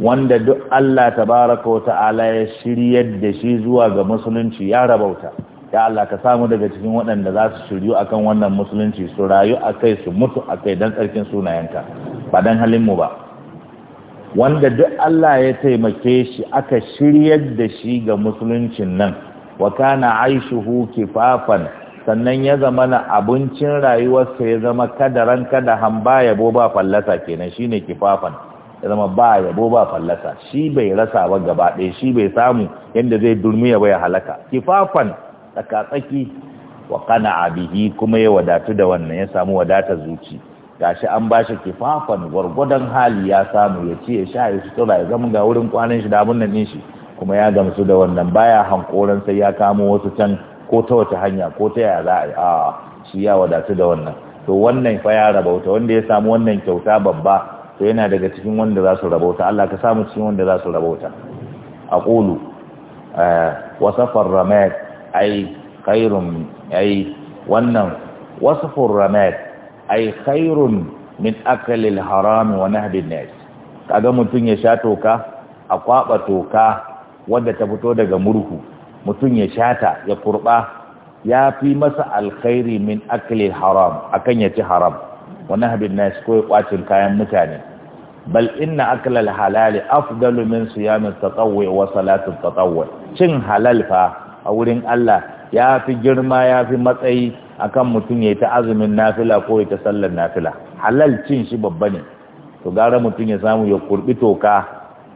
wanda duk Allah tabaraka wa ta'ala ya shiryar da shi zuwa ga musulunci ya rabauta ya Allah ka samu daga cikin waɗanda za su shiryu akan wannan musulunci su rayu akai su mutu akai dan tsarkin sunayenka ba dan halin mu ba wanda duk Allah ya taimake shi aka shiryar da shi ga musuluncin nan wa kana aishuhu kifafan sannan ya zama na abincin rayuwarsa ya zama kadaran kada hamba yabo ba fallasa kenan shine kifafan ya zama ba yabo ba fallasa shi bai rasa ba gaba ɗaya shi bai samu yadda zai durmiya ba ya halaka kifafan tsakatsaki wa kana abihi kuma ya wadatu da wannan ya samu wadatar zuci gashi an ba shi kifafan gwargwadon hali ya samu ya ce ya sha ya sutura ya zama ga wurin kwanan shi da abin nan shi kuma ya gamsu da wannan baya hankoran sai ya kamo wasu can ko ta wace hanya ko ta yaya za a yi a shi ya wadatu da wannan to wannan fa ya rabauta wanda ya samu wannan kyauta babba to yana daga cikin wanda za su rabauta Allah ka samu cikin wanda za su rabauta A ƙulu eh, wasafar Ramek, ai khairun ai wannan wasafur Ramek. ai khairun min akalil haram wa nahdin nas kaga mutun ya sha toka a kwaba toka wanda ta fito daga murhu mutun ya shata ya kurba ya fi masa alkhairi min akalil haram akan ya ci haram wa nahdin nas ko kwacin kayan mutane bal inna aklal halali afdalu min siyamit tatawwu wa salatin tatawwu cin halal fa a wurin Allah ya fi girma ya fi matsayi akan mutum ya ta azumin nafila ko ya ta sallar nafila halal cin shi babba ne to gara mutum ya samu ya kurbi toka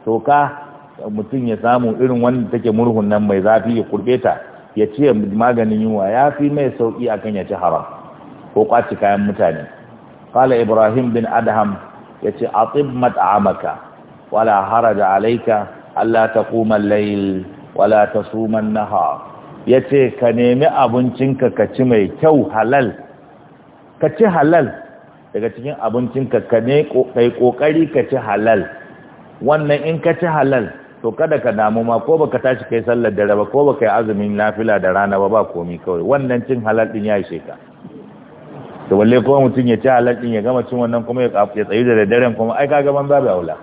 toka mutum ya samu irin wanda take murhun nan mai zafi ya kurbe ta ya ci maganin yunwa ya fi mai sauki akan ya ci haram ko kwaci kayan mutane qala ibrahim bin adham yace atib mat'amaka wala haraja alaika. alla ta al-layl wala tasuma an-nahar ya ce ka nemi abincinka ka ci mai kyau halal ka ci halal daga cikin abincinka ka ne kokari ka ci halal wannan in ka ci halal to kada ka damu ma ko baka tashi kai sallar dare ba ko baka yi azumin nafila da rana ba ba komi kawai wannan cin halal din ya ishe ka to balle ko mutum ya ci halal din ya gama cin wannan kuma ya tsayi da daren kuma ai kaga ban babu aula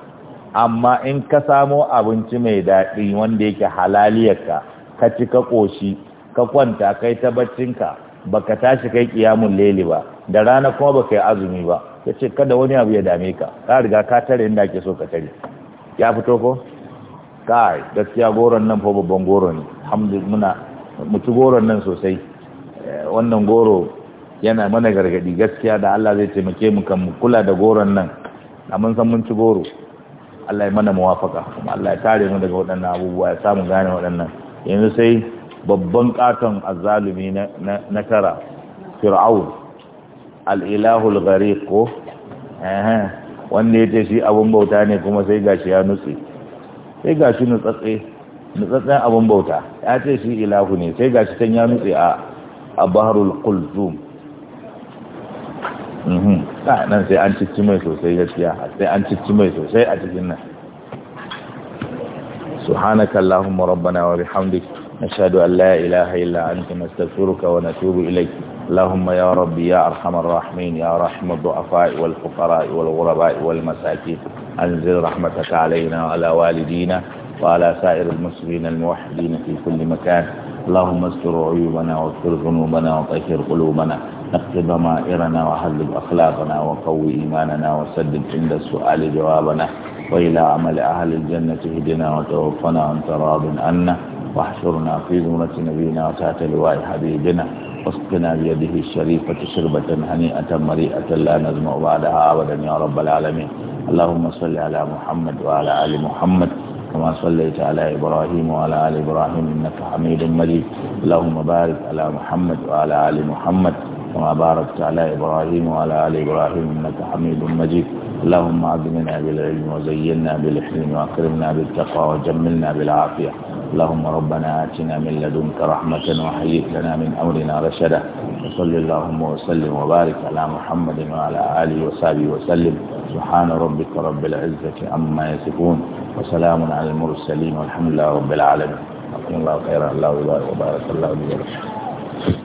amma in ka samo abinci mai daɗi wanda yake halaliyar ka. ka ci ka ƙoshi ka kwanta kai ta baccinka ka tashi kai kiyamun leli ba da rana kuma baka yi azumi ba ya ce kada wani abu ya dame ka ka riga ka tare inda ake so ka tare ya fito ko kai gaskiya goron nan fa babban goro ne muna mutu goron nan sosai eh, wannan goro yana mana gargadi gaskiya da Allah zai taimake mu kan kula da goron nan amma mun san mun ci goro Allah ya mana muwafaka kuma Allah ya tare mu daga waɗannan abubuwa ya samu gane waɗannan yanzu sai babban katon azalumi na tara fir'aun al'ilahul gari ko wanda ya ce shi abin bauta ne kuma sai gashi ya nutse sai gashi nutsatse nutsatsen abin bauta ya ce shi ilahu ne sai gashi can ya nutse a a baharul kulzum mhm. nan sai an cikin mai sosai gaskiya sai an cikin mai sosai a cikin nan سبحانك اللهم ربنا وبحمدك نشهد أن لا إله إلا أنت نستغفرك ونتوب إليك اللهم يا ربي يا أرحم الراحمين يا رحم الضعفاء والفقراء والغرباء والمساكين أنزل رحمتك علينا وعلى والدينا وعلى سائر المسلمين الموحدين في كل مكان اللهم استر عيوبنا واغفر ذنوبنا وطهر قلوبنا نقي ضمائرنا وحلب أخلاقنا وقوي إيماننا وسدد عند السؤال جوابنا وإلى عمل أهل الجنة هدنا وتوفنا عن تراب عنا واحشرنا في زمرة نبينا وتات لواء حبيبنا واسقنا بيده الشريفة شربة هنيئة مريئة لا نزمع بعدها أبدا يا رب العالمين اللهم صل على محمد وعلى آل محمد كما صليت على إبراهيم وعلى آل إبراهيم إنك حميد مجيد اللهم بارك على محمد وعلى آل محمد كما باركت على إبراهيم وعلى آل إبراهيم إنك حميد مجيد اللهم عظمنا بالعلم وزينا بالحلم وأكرمنا بالتقوى وجملنا بالعافية اللهم ربنا آتنا من لدنك رحمة وحيث لنا من أمرنا رشدا وصل اللهم وسلم وبارك على محمد وعلى آله وصحبه وسلم سبحان ربك رب العزة عما يصفون وسلام على المرسلين والحمد لله رب العالمين الله خيرا الله وبارك الله وبارك الله